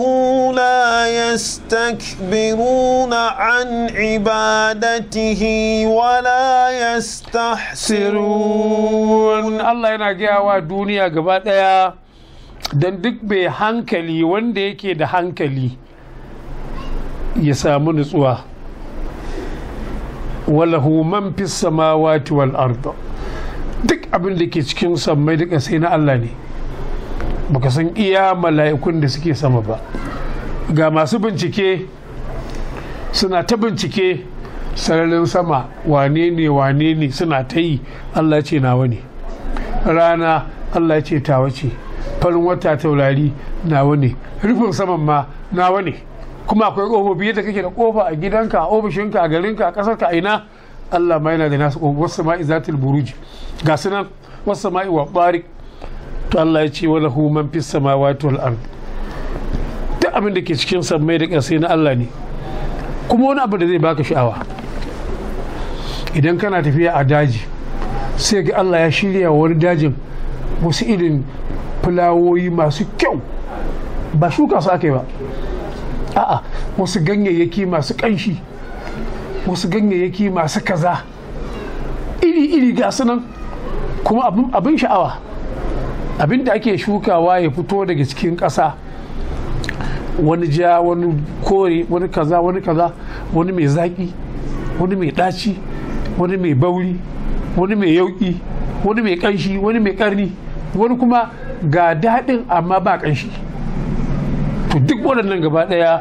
لا يستكبرون عن عبادته ولا يستحسرون الله yana gaya wa duniya gaba ɗaya don duk mai hankali wanda yake da hankali ya samu nutsuwa walahu man fis samawati wal ard duk abin da ke cikin sammai da sai na Allah ne baka san iya mala'ikun da suke sama ba ga masu bincike suna ta bincike sararin sama wane ne wane ne suna ta yi Allah ce nawa ne rana Allah ce tawa ce farin wata taurari nawa ne rufin saman ma nawa ne kuma akwai biyu da kake da ƙofa a gidanka a ofishinka a garinka a ƙasarka a ina Allah ma yana da nasu ƙofa wasu sama'i zatil buruji ga su nan wasu sama'i wa ɓari to Allah ya ce wa lahu man fis samawati wal ard duk abin da ke cikin sammai da ƙasai na Allah ne kuma wani abu da zai baka sha'awa idan kana tafiya a daji sai ga Allah ya shirya wani dajin wasu irin fulawoyi masu kyau ba shuka su aka ba a'a wasu ganyayyaki masu ƙanshi wasu ganyayyaki masu kaza iri-iri ga nan kuma abin sha'awa abin da ake shukawa ya fito daga cikin ƙasa wani ja wani kore wani kaza wani kaza wani mai zaƙi wani mai ɗaci wani mai bauri wani mai yauƙi wani mai ƙanshi wani mai ƙarni wani kuma ga daɗin amma ba ƙanshi to duk waɗannan gaba ɗaya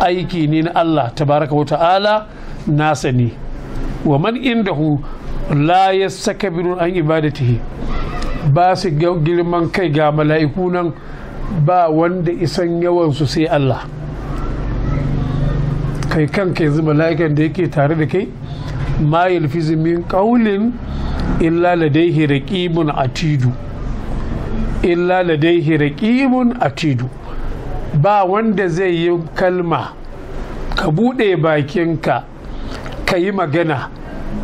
aiki ne na Allah tabaraka wa ta'ala nasa ne wa man indahu la yastakbiru an ibadatihi ba su girman kai ga mala'iku nan ba wanda isan yawansu sai Allah kai kanka yanzu mala'ikan da yake tare da kai ma yalfizu min tidu? illa ladaihi raqibun atidu illa ladaihi raqibun atidu ba wanda zai yi kalma ka buɗe bakinka ka yi magana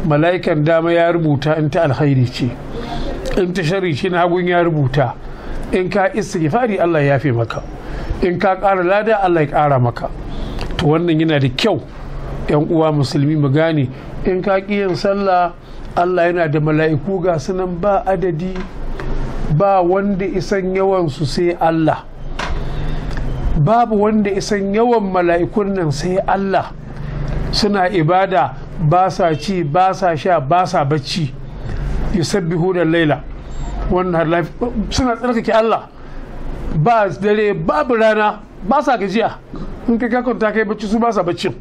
mala'ikan dama ya rubuta in ta alkhairi ce in ta shari shi hagun ya rubuta in ka istighfari Allah ya fi maka in ka ƙara lada Allah ya kara maka to wannan yana da kyau yan uwa musulmi mu gane in ka yin sallah Allah yana da mala'iku ga sunan ba adadi ba wanda isan yawan su sai Allah babu wanda isan yawan mala'ikun nan sai Allah suna ibada ba sa ci ba sa sha ba sa bacci yusabbihu da laila wannan suna tsarkake Allah ba dare babu rana ba sa gajiya in ka kakunta kai bacci su ba sa baccin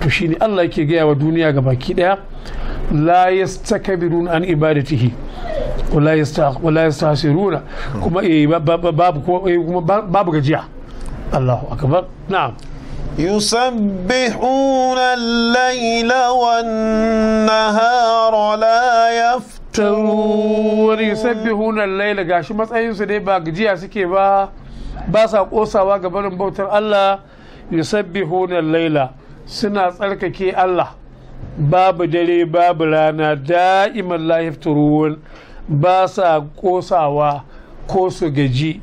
to shine Allah yake gaya wa duniya ga baki daya la yastakbirun an ibadatihi wala yastahsiruna kuma eh, eh, babu gajiya الله أكبر نعم يسبحون الليل والنهار gashi matsayin su ba gajiya suke ba ba ga barin bautar Allah yusabbihuna laila suna tsarkake Allah babu dare babu rana da'iman la yafturun ba ko su gaji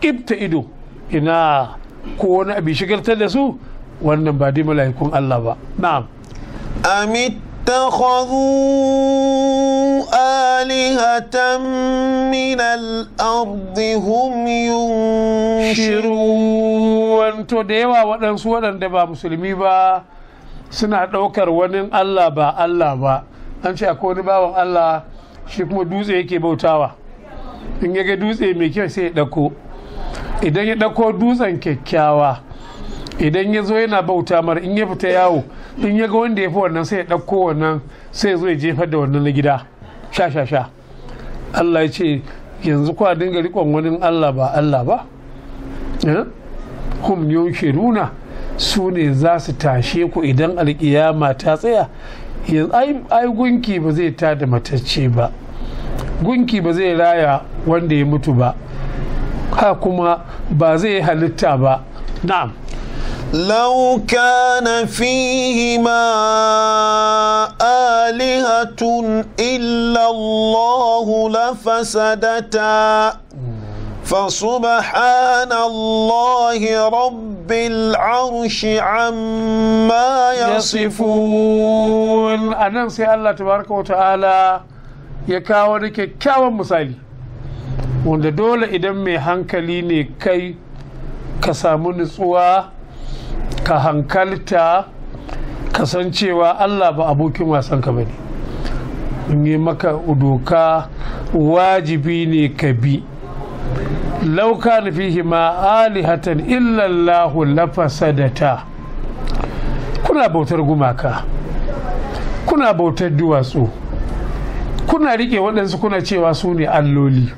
ibta ido ina ko wani abin shigartar da su wannan ba dai mala'ikun Allah ba na'am اتخذوا آلهة من الأرض هم ينشرون to da yawa waɗansu waɗanda ba musulmi ba suna ɗaukar wani Allah ba Allah ba an ce akwai wani bawan Allah shi kuma dutse yake bautawa in ga dutse mai kyau sai ya ɗauko idan ya ɗauko dutsen kyakkyawa idan ya zo yana bauta mar in ya fita yawo in ya ga wanda ya fi wannan sai ya ɗauko wannan sai zo ya jefar da wannan na gida sha sha sha Allah ya ce yanzu kwa dinga riƙon wani Allah ba Allah ba eh? hum yunkiruna su ne za su tashe ku idan alƙiyama ta tsaya ai gunki ba zai da matacce ba gunki ba zai raya wanda ya mutu ba ha kuma ba zai halitta ba na'am لو كان فيهما آلهة إلا الله لفسدتا فسبحان الله رب العرش عما يصفون أنا سي الله تبارك وتعالى يكاوني كاوى مثالي wanda dole idan mai hankali ne kai ka samu nutsuwa ka hankalta kasancewa allah ba abokin wasanka ba ne yi maka doka wajibi ne ka bi lauka na fihi alihatan illallahu lafasadata kuna bautar gumaka kuna bautar duwatsu kuna rike waɗansu kuna cewa su ne alloli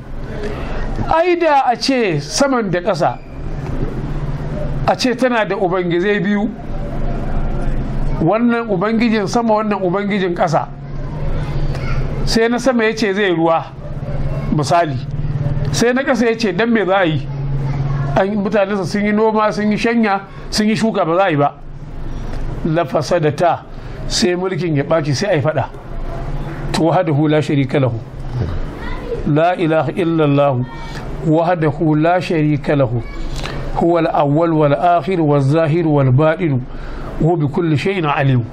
Aida a ce saman da ƙasa a ce tana da ubangizai biyu wannan ubangijin sama wannan ubangijin ƙasa sai na sama ya ce zai ruwa misali sai na ƙasa ya ce don me za a yi mutanensa sun yi noma sun yi shanya sun yi shuka ba za a yi ba lafasa da ta sai mulkin ya ɓaci sai a yi faɗa to hada hula shari'a lahu لا إله إلا الله وحده لا شريك له هو الأول والآخر والظاهر والباطن وهو بكل شيء عليم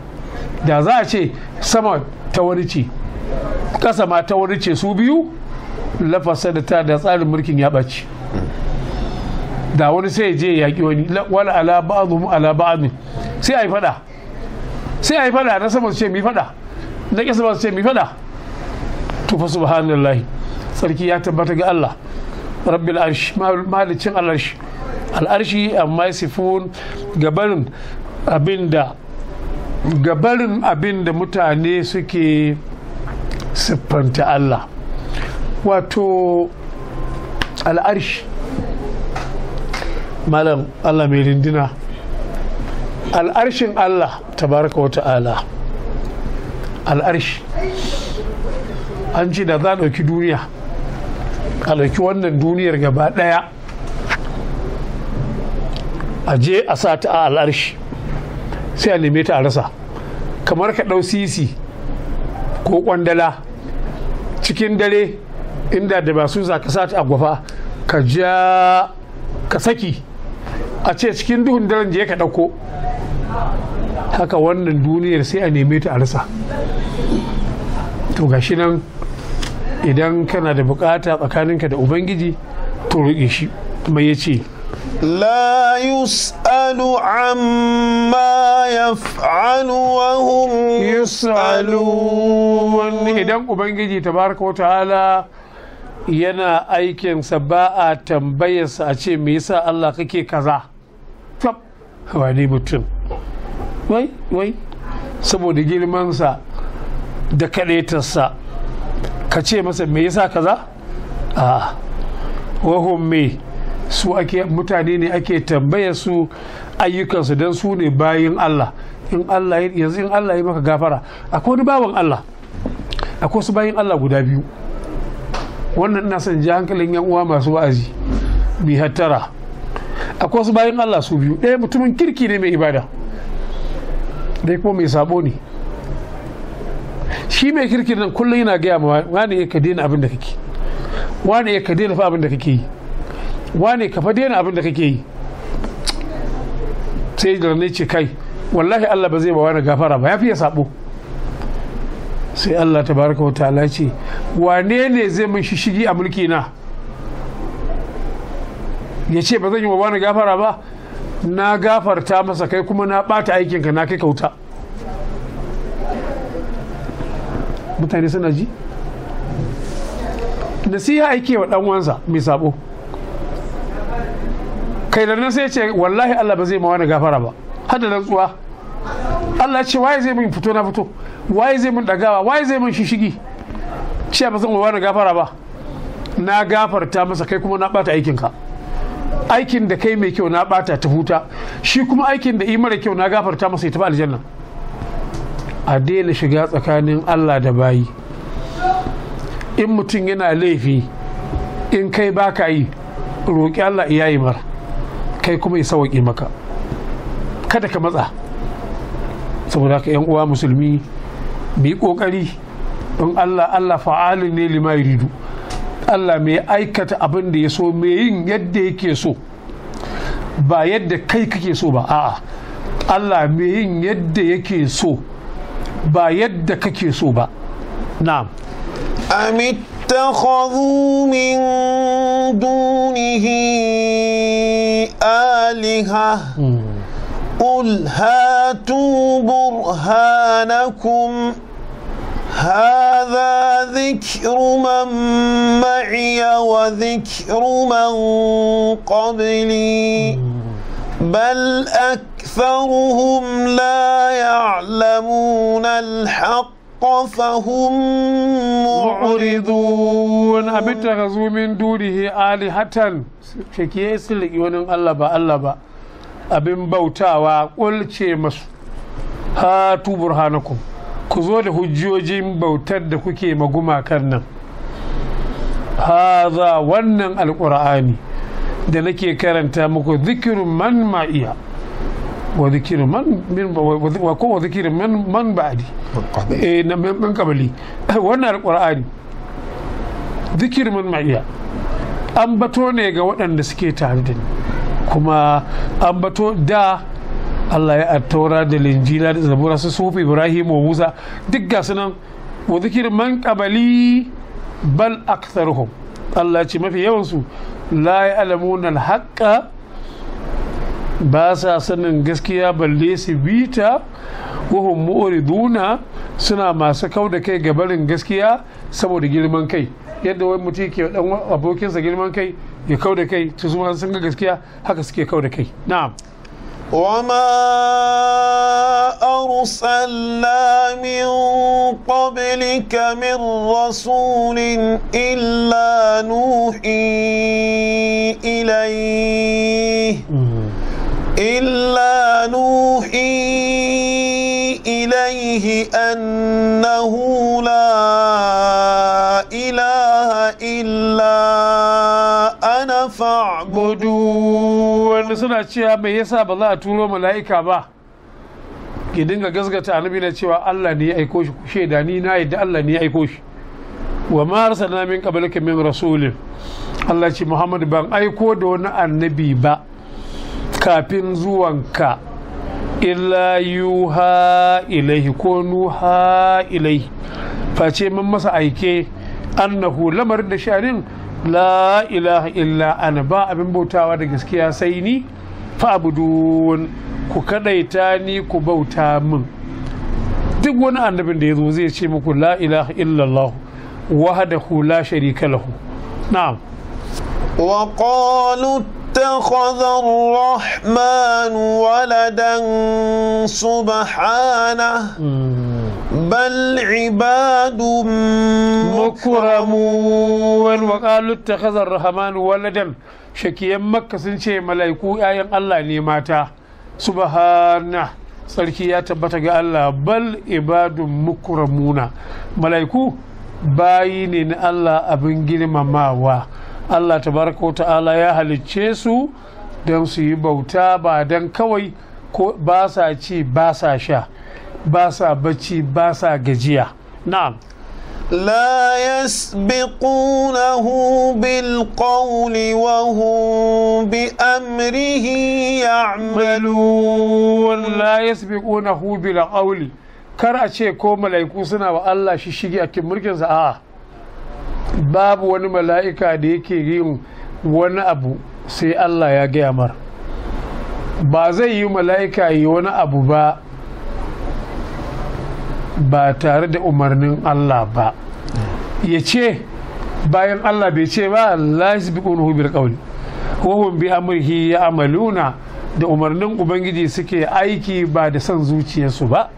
da za a ce sama ta wani ce ƙasa ma ta wani ce su biyu lafasa da ta da tsarin mulkin ya ɓaci da wani sai je yaƙi wani wani ala ba'adu ala ba'adu sai a yi faɗa sai a yi faɗa na sama su ce mi faɗa na ƙasa ba su ce mi fada to fa subhanallahi sarki ya tabbata ga Allah rabbil arsh malicin al'arshi al'arshi amma sifun gabarin abinda gabarin abinda mutane suke siffanta Allah wato al'arshi malam Allah mai rindina al'arshin Allah tabaraka wa ta'ala al'arshi an ce da za a ɗauki duniya a dauki wannan duniyar gaba ɗaya a je a sa ta a al'arshi sai a neme ta a rasa kamar ka ɗau sisi ko ƙwandala cikin dare inda da ba su ka sa ta a gwafa ka ja ka saki a ce cikin duhun daren je ka ɗauko haka wannan duniyar sai a neme ta a rasa to gashi nan idan kana da bukata tsakaninka da ubangiji to roƙe shi mai ya ce لا يسأل عما يفعل وهم idan ubangiji tabaraka wa ta'ala yana aikin sa ba a tambayarsa a ce me yasa Allah kake kaza tab wani mutum wai wai saboda girmansa da kadaitarsa ka ce masa me yasa kaza a wahun me su ake mutane ne ake tambayar su ayyukansu don su ne bayin Allah in Allah yanzu in Allah ya maka gafara akwai wani bawan Allah akwai su bayin Allah guda biyu wannan ina son ji hankalin yan uwa masu wa'azi bi hattara akwai su bayan Allah su biyu ɗaya mutumin kirki ne mai ibada dai kuma mai sabo ne shi mai kirkin nan kullum yana gaya ma wani ya ka daina abin da kake wani ya ka daina fa abin da kake yi wani ka fa daina abin da kake yi sai da ne ce kai wallahi Allah ba zai ba wani gafara ba ya fiye sabo sai Allah ta baraka wa ta'ala ce wane ne zai min shishigi a mulki na ya ce ba zan yi wa wani gafara ba na gafarta masa kai kuma na ɓata aikinka na kai kauta mutane suna ji nasiha ake wa dan wansa mai sabo kai da nan sai ce wallahi Allah ba zai ma wani gafara ba hada tsuwa Allah ce waye zai min fito na fito waye zai min dagawa waye zai min shishigi ce ba zan wani gafara ba na gafarta masa kai kuma na bata aikinka aikin da kai mai kyau na bata ta huta shi kuma aikin da yi mara kyau na gafarta masa ya tafi aljanna a daina shiga tsakanin allah da bayi in mutum yana laifi in kai baka yi roƙi allah iya yi mara kai kuma ya sawaƙi maka kada ka matsa saboda haka yan uwa musulmi mai ƙoƙari don Allah Allah fa'alin ne lima ridu Allah mai aikata abin da ya so mai yin yadda yake so ba yadda kai kake so ba a'a Allah mai yin yadda yake so ba yadda kake نعم أم اتخذوا من دونه آلهة قل هاتوا برهانكم هذا ذكر من معي وذكر من قبلي بل أكثرهم لا يعلمون الحق فهم معرضون أبتغزوا من دونه آلهة شكي يسل يونن الله با الله با أبن بوتا وقل شيء مسو هاتوا برهانكم كزول جيم بوتا دكوكي مجمع كرنا هذا ونن القرآني da nake karanta muku zikirin man ma'iya wa zikirin man wa ko zikirin man man ba'adi eh na man kabali wannan alqur'ani zikirin man ma'iya an bato ne ga waɗanda suke tare da ni kuma an bato da Allah ya attaura da linjila da zabura su sufi ibrahim wa musa duk ga sunan wa zikirin man kabali bal aktharuhum Allah ce mafi yawansu la ya alamunan haƙƙa ba sa sanin gaskiya balle su bita mu'uri duna suna masu kau da kai ga barin gaskiya saboda girman kai yadda wani mutum ke dan abokinsa girman kai ya kau da kai su sun ga gaskiya haka suke kau da kai na'am وما أرسلنا من قبلك من رسول إلا نوحي إليه إلا نوحي إليه أنه لا إله إلا fa'budu wanda suna cewa mai yasa ba za a turo mala'ika ba ki dinga gasgata annabi na cewa Allah ne ya aiko shi shaida ni na yadda Allah ne ya aiko shi wa ma arsalna min qablika min rasulin Allah ce Muhammad ban aiko da wani annabi ba kafin zuwanka illa yuha ilaihi ko nuha ilaihi face man masa aike annahu lamarin da sharin la ilaha illa ana ba abin bautawa da gaskiya sai ni fa'budun ku kadaita ni ku bauta min duk wani annabin da ya zo zai ce muku la ilaha illallah wahdahu la sharika lahu na'am wa qalu اتخذ الرحمن ولدا سبحانه بل عباد مكرمون وقالوا اتخذ الرحمن ولدا شكيا مكة سنشي ملايكو آيان الله نيماتا سبحانه sarki ya tabbata ga Allah bal ibadun mukramuna mala'iku bayi ne na Allah abin girmamawa Allah tabaraka ta'ala ya halicce su don su yi bauta ba don kawai ba sa ci ba sa sha ba sa bacci ba sa gajiya na'am ya يسبقونه بالقول وهم بأمره يعملون لا bil بالقول kar a ce ko mala'iku suna wa Allah shi shige a kin mulkinsa a'a babu wani mala'ika da yake yin wani abu sai Allah ya gaya mar ba zai yi mala'ika yi wani abu ba ba tare da umarnin Allah ba ya ce bayan Allah bai ce ba Allah ya bi ƙunuhu bir ƙauli wahun bi amurhi ya amaluna da umarnin Ubangiji suke aiki ba da son zuciyarsu ba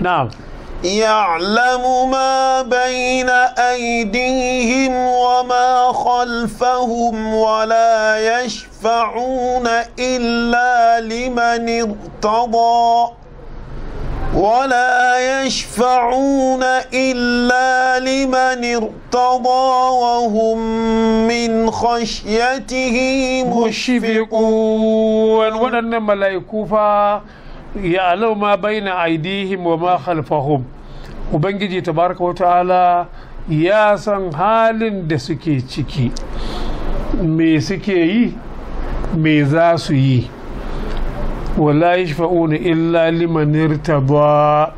na'am يعلم ما بين أيديهم وما خلفهم ولا يشفعون إلا لمن ارتضى ولا يشفعون إلا لمن ارتضى وهم من خشيته مشفقون ونن ملائكوفا ya'lamu ma baina aidihim wa ma khalfahum ubangiji tabaraka wa ta'ala ya san halin da suke ciki me suke yi me za su yi wala yashfa'una illa liman irtada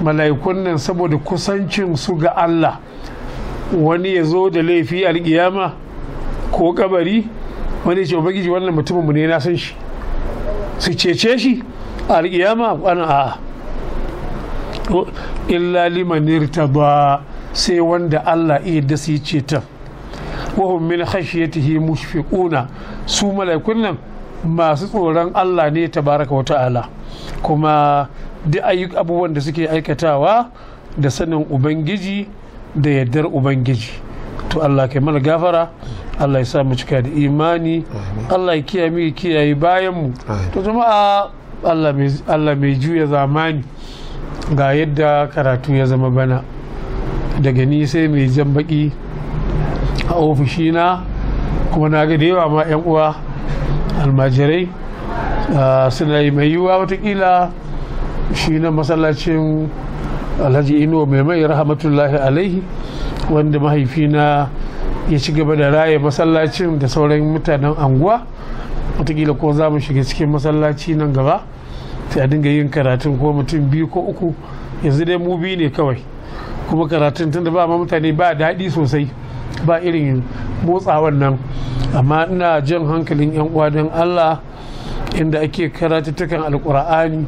mala'ikun nan saboda kusancin su ga Allah wani ya zo da laifi alkiyama ko kabari wani ya ce ubangiji wannan mutumin mu ne na san shi su cece shi alƙiyama ana a illa liman ba sai wanda Allah iya da su yi ceton wahum min khashiyatihi mushfiquna su mala'ikun nan masu tsoron Allah ne ta baraka wata ta'ala kuma duk ayyuk abubuwan da suke aikatawa da sanin ubangiji da yardar ubangiji to Allah kai mana gafara Allah ya sa mu cika da imani Allah ya kiyaye mu kiyaye bayan mu to jama'a allah mai juya zamani ga yadda karatu ya zama bana daga ni sai mai jan baki a ofishina kuma na ga da yawa ma 'yan uwa almajirai suna yi mai yiwuwa watakila shi na masallacin alhaji inuwa mai mai rahmatullahi alaihi wanda mahaifina ya ci gaba da raye masallacin da sauran mutanen anguwa watakila ko za mu shiga cikin masallaci nan gaba sai a dinga yin karatun ko mutum biyu ko uku yanzu dai mu biyu ne kawai kuma karatun tun da ba ma mutane ba daɗi sosai ba irin motsawan nan amma ina jan hankalin yan uwa don allah inda ake karatuttukan alkur'ani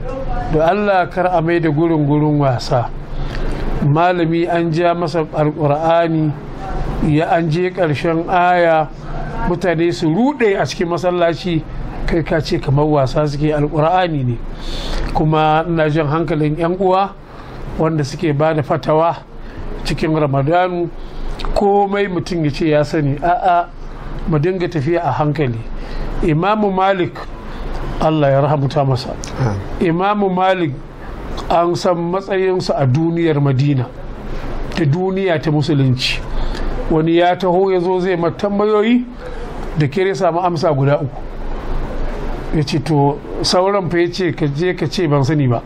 da allah kar a mai da gurin gurin wasa malami an ja masa alkur'ani ya an je ƙarshen aya mutane su ruɗe a cikin masallaci kai ka ce kamar wasa suke alkur'ani ne kuma na jan hankalin 'yan uwa wanda suke ba da fatawa cikin ramadanu komai mutum ya ce ya sani a'a mu dinga tafiya a hankali imamu malik allah ya rahamta masa imamu malik an san matsayinsa a duniyar madina ta duniya ta musulunci wani ya taho ya zo zai tambayoyi da kere samu amsa guda uku ya ce to sauran fa ya ce ka je ka ce ban sani ba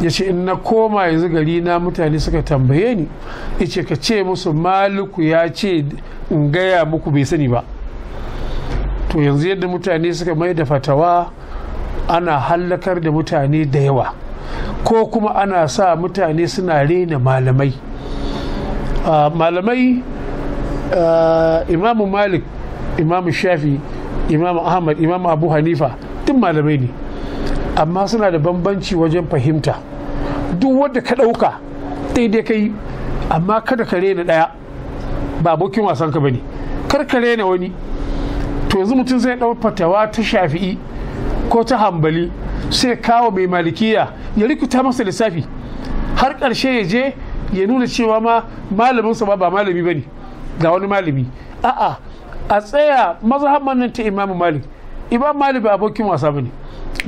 ya ce in na koma yanzu gari na mutane suka tambaye ni ya ce ka ce musu maluku ya ce in gaya muku bai sani ba to yanzu yadda mutane suka mai da fatawa ana hallakar da mutane da yawa ko kuma ana sa mutane suna rena malamai Ah, malamai ah, imamu malik imamu shafi imamu ahmad imamu abu hanifa duk malamai ne amma suna da bambanci wajen fahimta duk wanda ka ɗauka daidai ka yi amma kada ka rena ɗaya ba abokin wasan ka bane kar ka rena wani to yanzu mutum zai ɗau fatawa ta shafi'i ko ta hambali sai kawo mai malikiya ya rikuta masa lissafi har karshe ya je ya nuna cewa ma malaminsa ba ba malami bane ga wani malami a'a a tsaya mazhaban nan ta imamu malik imam malik abokin wasa bane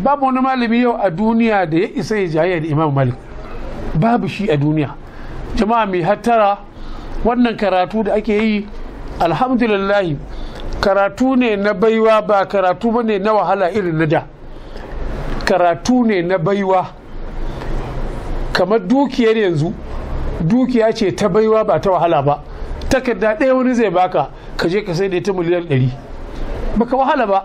babu wani malami yau a duniya da ya isa ya jayayya da imam malik babu shi a duniya jama'a mai hattara wannan karatu da ake yi alhamdulillahi karatu ne na baiwa ba karatu ba ne na wahala irin na da karatu ne na baiwa kamar dukiyar yanzu dukiya ce ta baiwa ba ta wahala ba takarda ɗaya wani zai baka ka je ka sai da ta miliyan ɗari baka wahala ba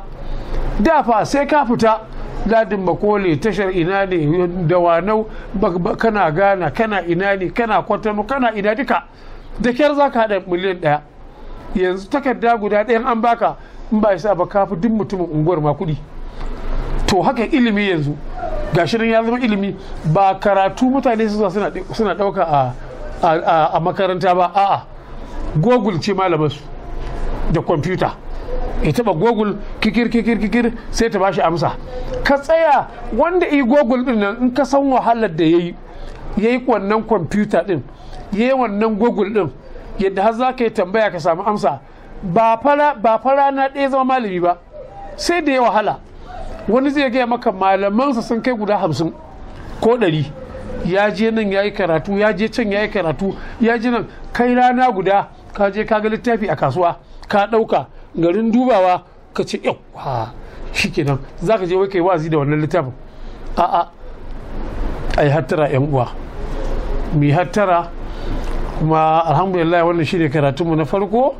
da fa sai ka fita ladin makole tashar ina ne da wanau kana gana kana ina ne kana kwatano kana ina duka da kyar za ka haɗa miliyan ɗaya yanzu takarda guda ɗayan an baka in ba isa ba kafi duk mutumin unguwar ma kuɗi to haka ilimi yanzu gashi ya zama ilimi ba karatu mutane suna ɗauka a a makaranta ba a'a google ce malamarsu da kwamfuta ya ba google kikir kikir kikir sai ta bashi amsa ka tsaya wanda i google din nan in ka san wahalar da yayi yayi wannan kwamfuta din yayi wannan google din yadda har za ka yi tambaya ka samu amsa ba fara ba fara na ɗaya zama malami ba sai da ya wahala wani zai gaya maka malamansa sun kai guda hamsin ko ɗari ya je nan ya yi karatu ya je can ya yi karatu ya je nan kai rana guda ka je ka ga littafi a kasuwa ka ɗauka garin dubawa ka ce yawa shi kenan za ka je wai kai wazi da wannan littafin a'a a yi hattara yan uwa mu hattara kuma alhamdulillah wannan shi ne karatunmu na farko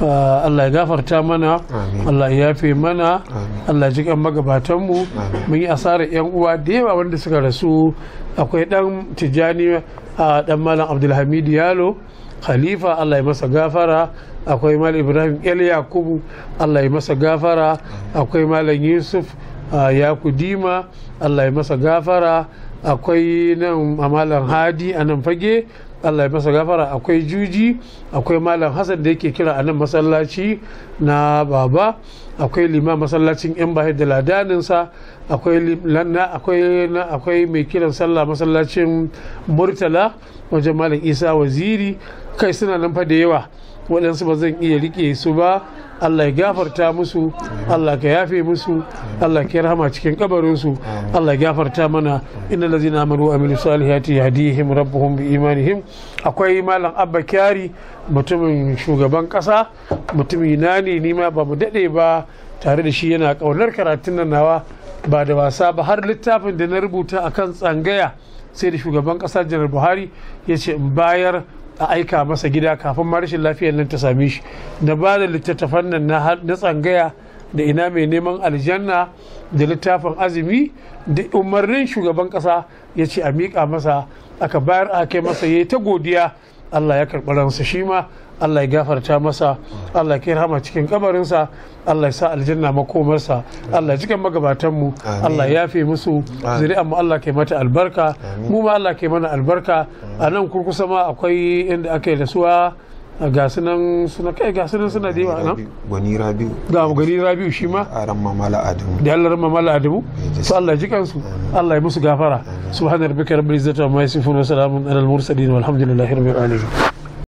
Ah, Allah ya gafarta mana Allah ya fi mana Allah ji kan mu. mun yi asarar yan uwa da yawa wanda suka rasu akwai dan tijani a dan malam abdulhamid yalo khalifa Allah ya masa gafara akwai malam ibrahim el yakubu Allah ya masa gafara akwai malam yusuf yakudima Allah ya masa gafara akwai nan malam hadi a nan fage allah ya masa gafara akwai juji akwai malam hassan da yake kira a nan masallaci na baba akwai lima masallacin yan bahai da ladaninsa akwai mai kiran sallah masallacin murtala wajen malam isa waziri kai suna nan fa da yawa waɗansu ba zan iya riƙe su ba Allah ya gafarta musu Allah ka yafe musu Allah ka rahama cikin kabarinsu Allah ya gafarta mana innal lazina amanu wa amilus salihati yahdihim rabbuhum bi imanihim akwai malam Abba Kyari mutumin shugaban kasa mutumin na ne nima ba mu dade ba tare da shi yana kaunar karatun nan nawa ba da wasa ba har littafin da na rubuta akan tsangaya sai da shugaban kasa janar Buhari ya ce in bayar a aika masa gida kafin ma rashin lafiyar nan ta same shi na ba da littattafan nan na tsangaya da ina mai neman aljanna da littafin azumi da umarnin shugaban kasa ya ce a miƙa masa aka bayar a kai masa ya yi ta godiya allah ya karɓi ransa shi ma Allah ya gafarta masa Allah ya rahama cikin kabarinsa Allah ya sa aljanna makomarsa Allah ya cikin mu Allah ya yafe musu zuri'an mu Allah ke mata albarka mu ma Allah ke mana albarka a nan kurkusa ma akwai inda ake da suwa ga sunan suna kai ga sunan suna da yawa nan Gani rabiu ga gani rabiu shi ma a ran mamala adamu da Allah ran mamala adamu to Allah ji kansu Allah ya musu gafara subhanar rabbika rabbil izzati amma yasifun wa salamun alal mursalin walhamdulillahi rabbil alamin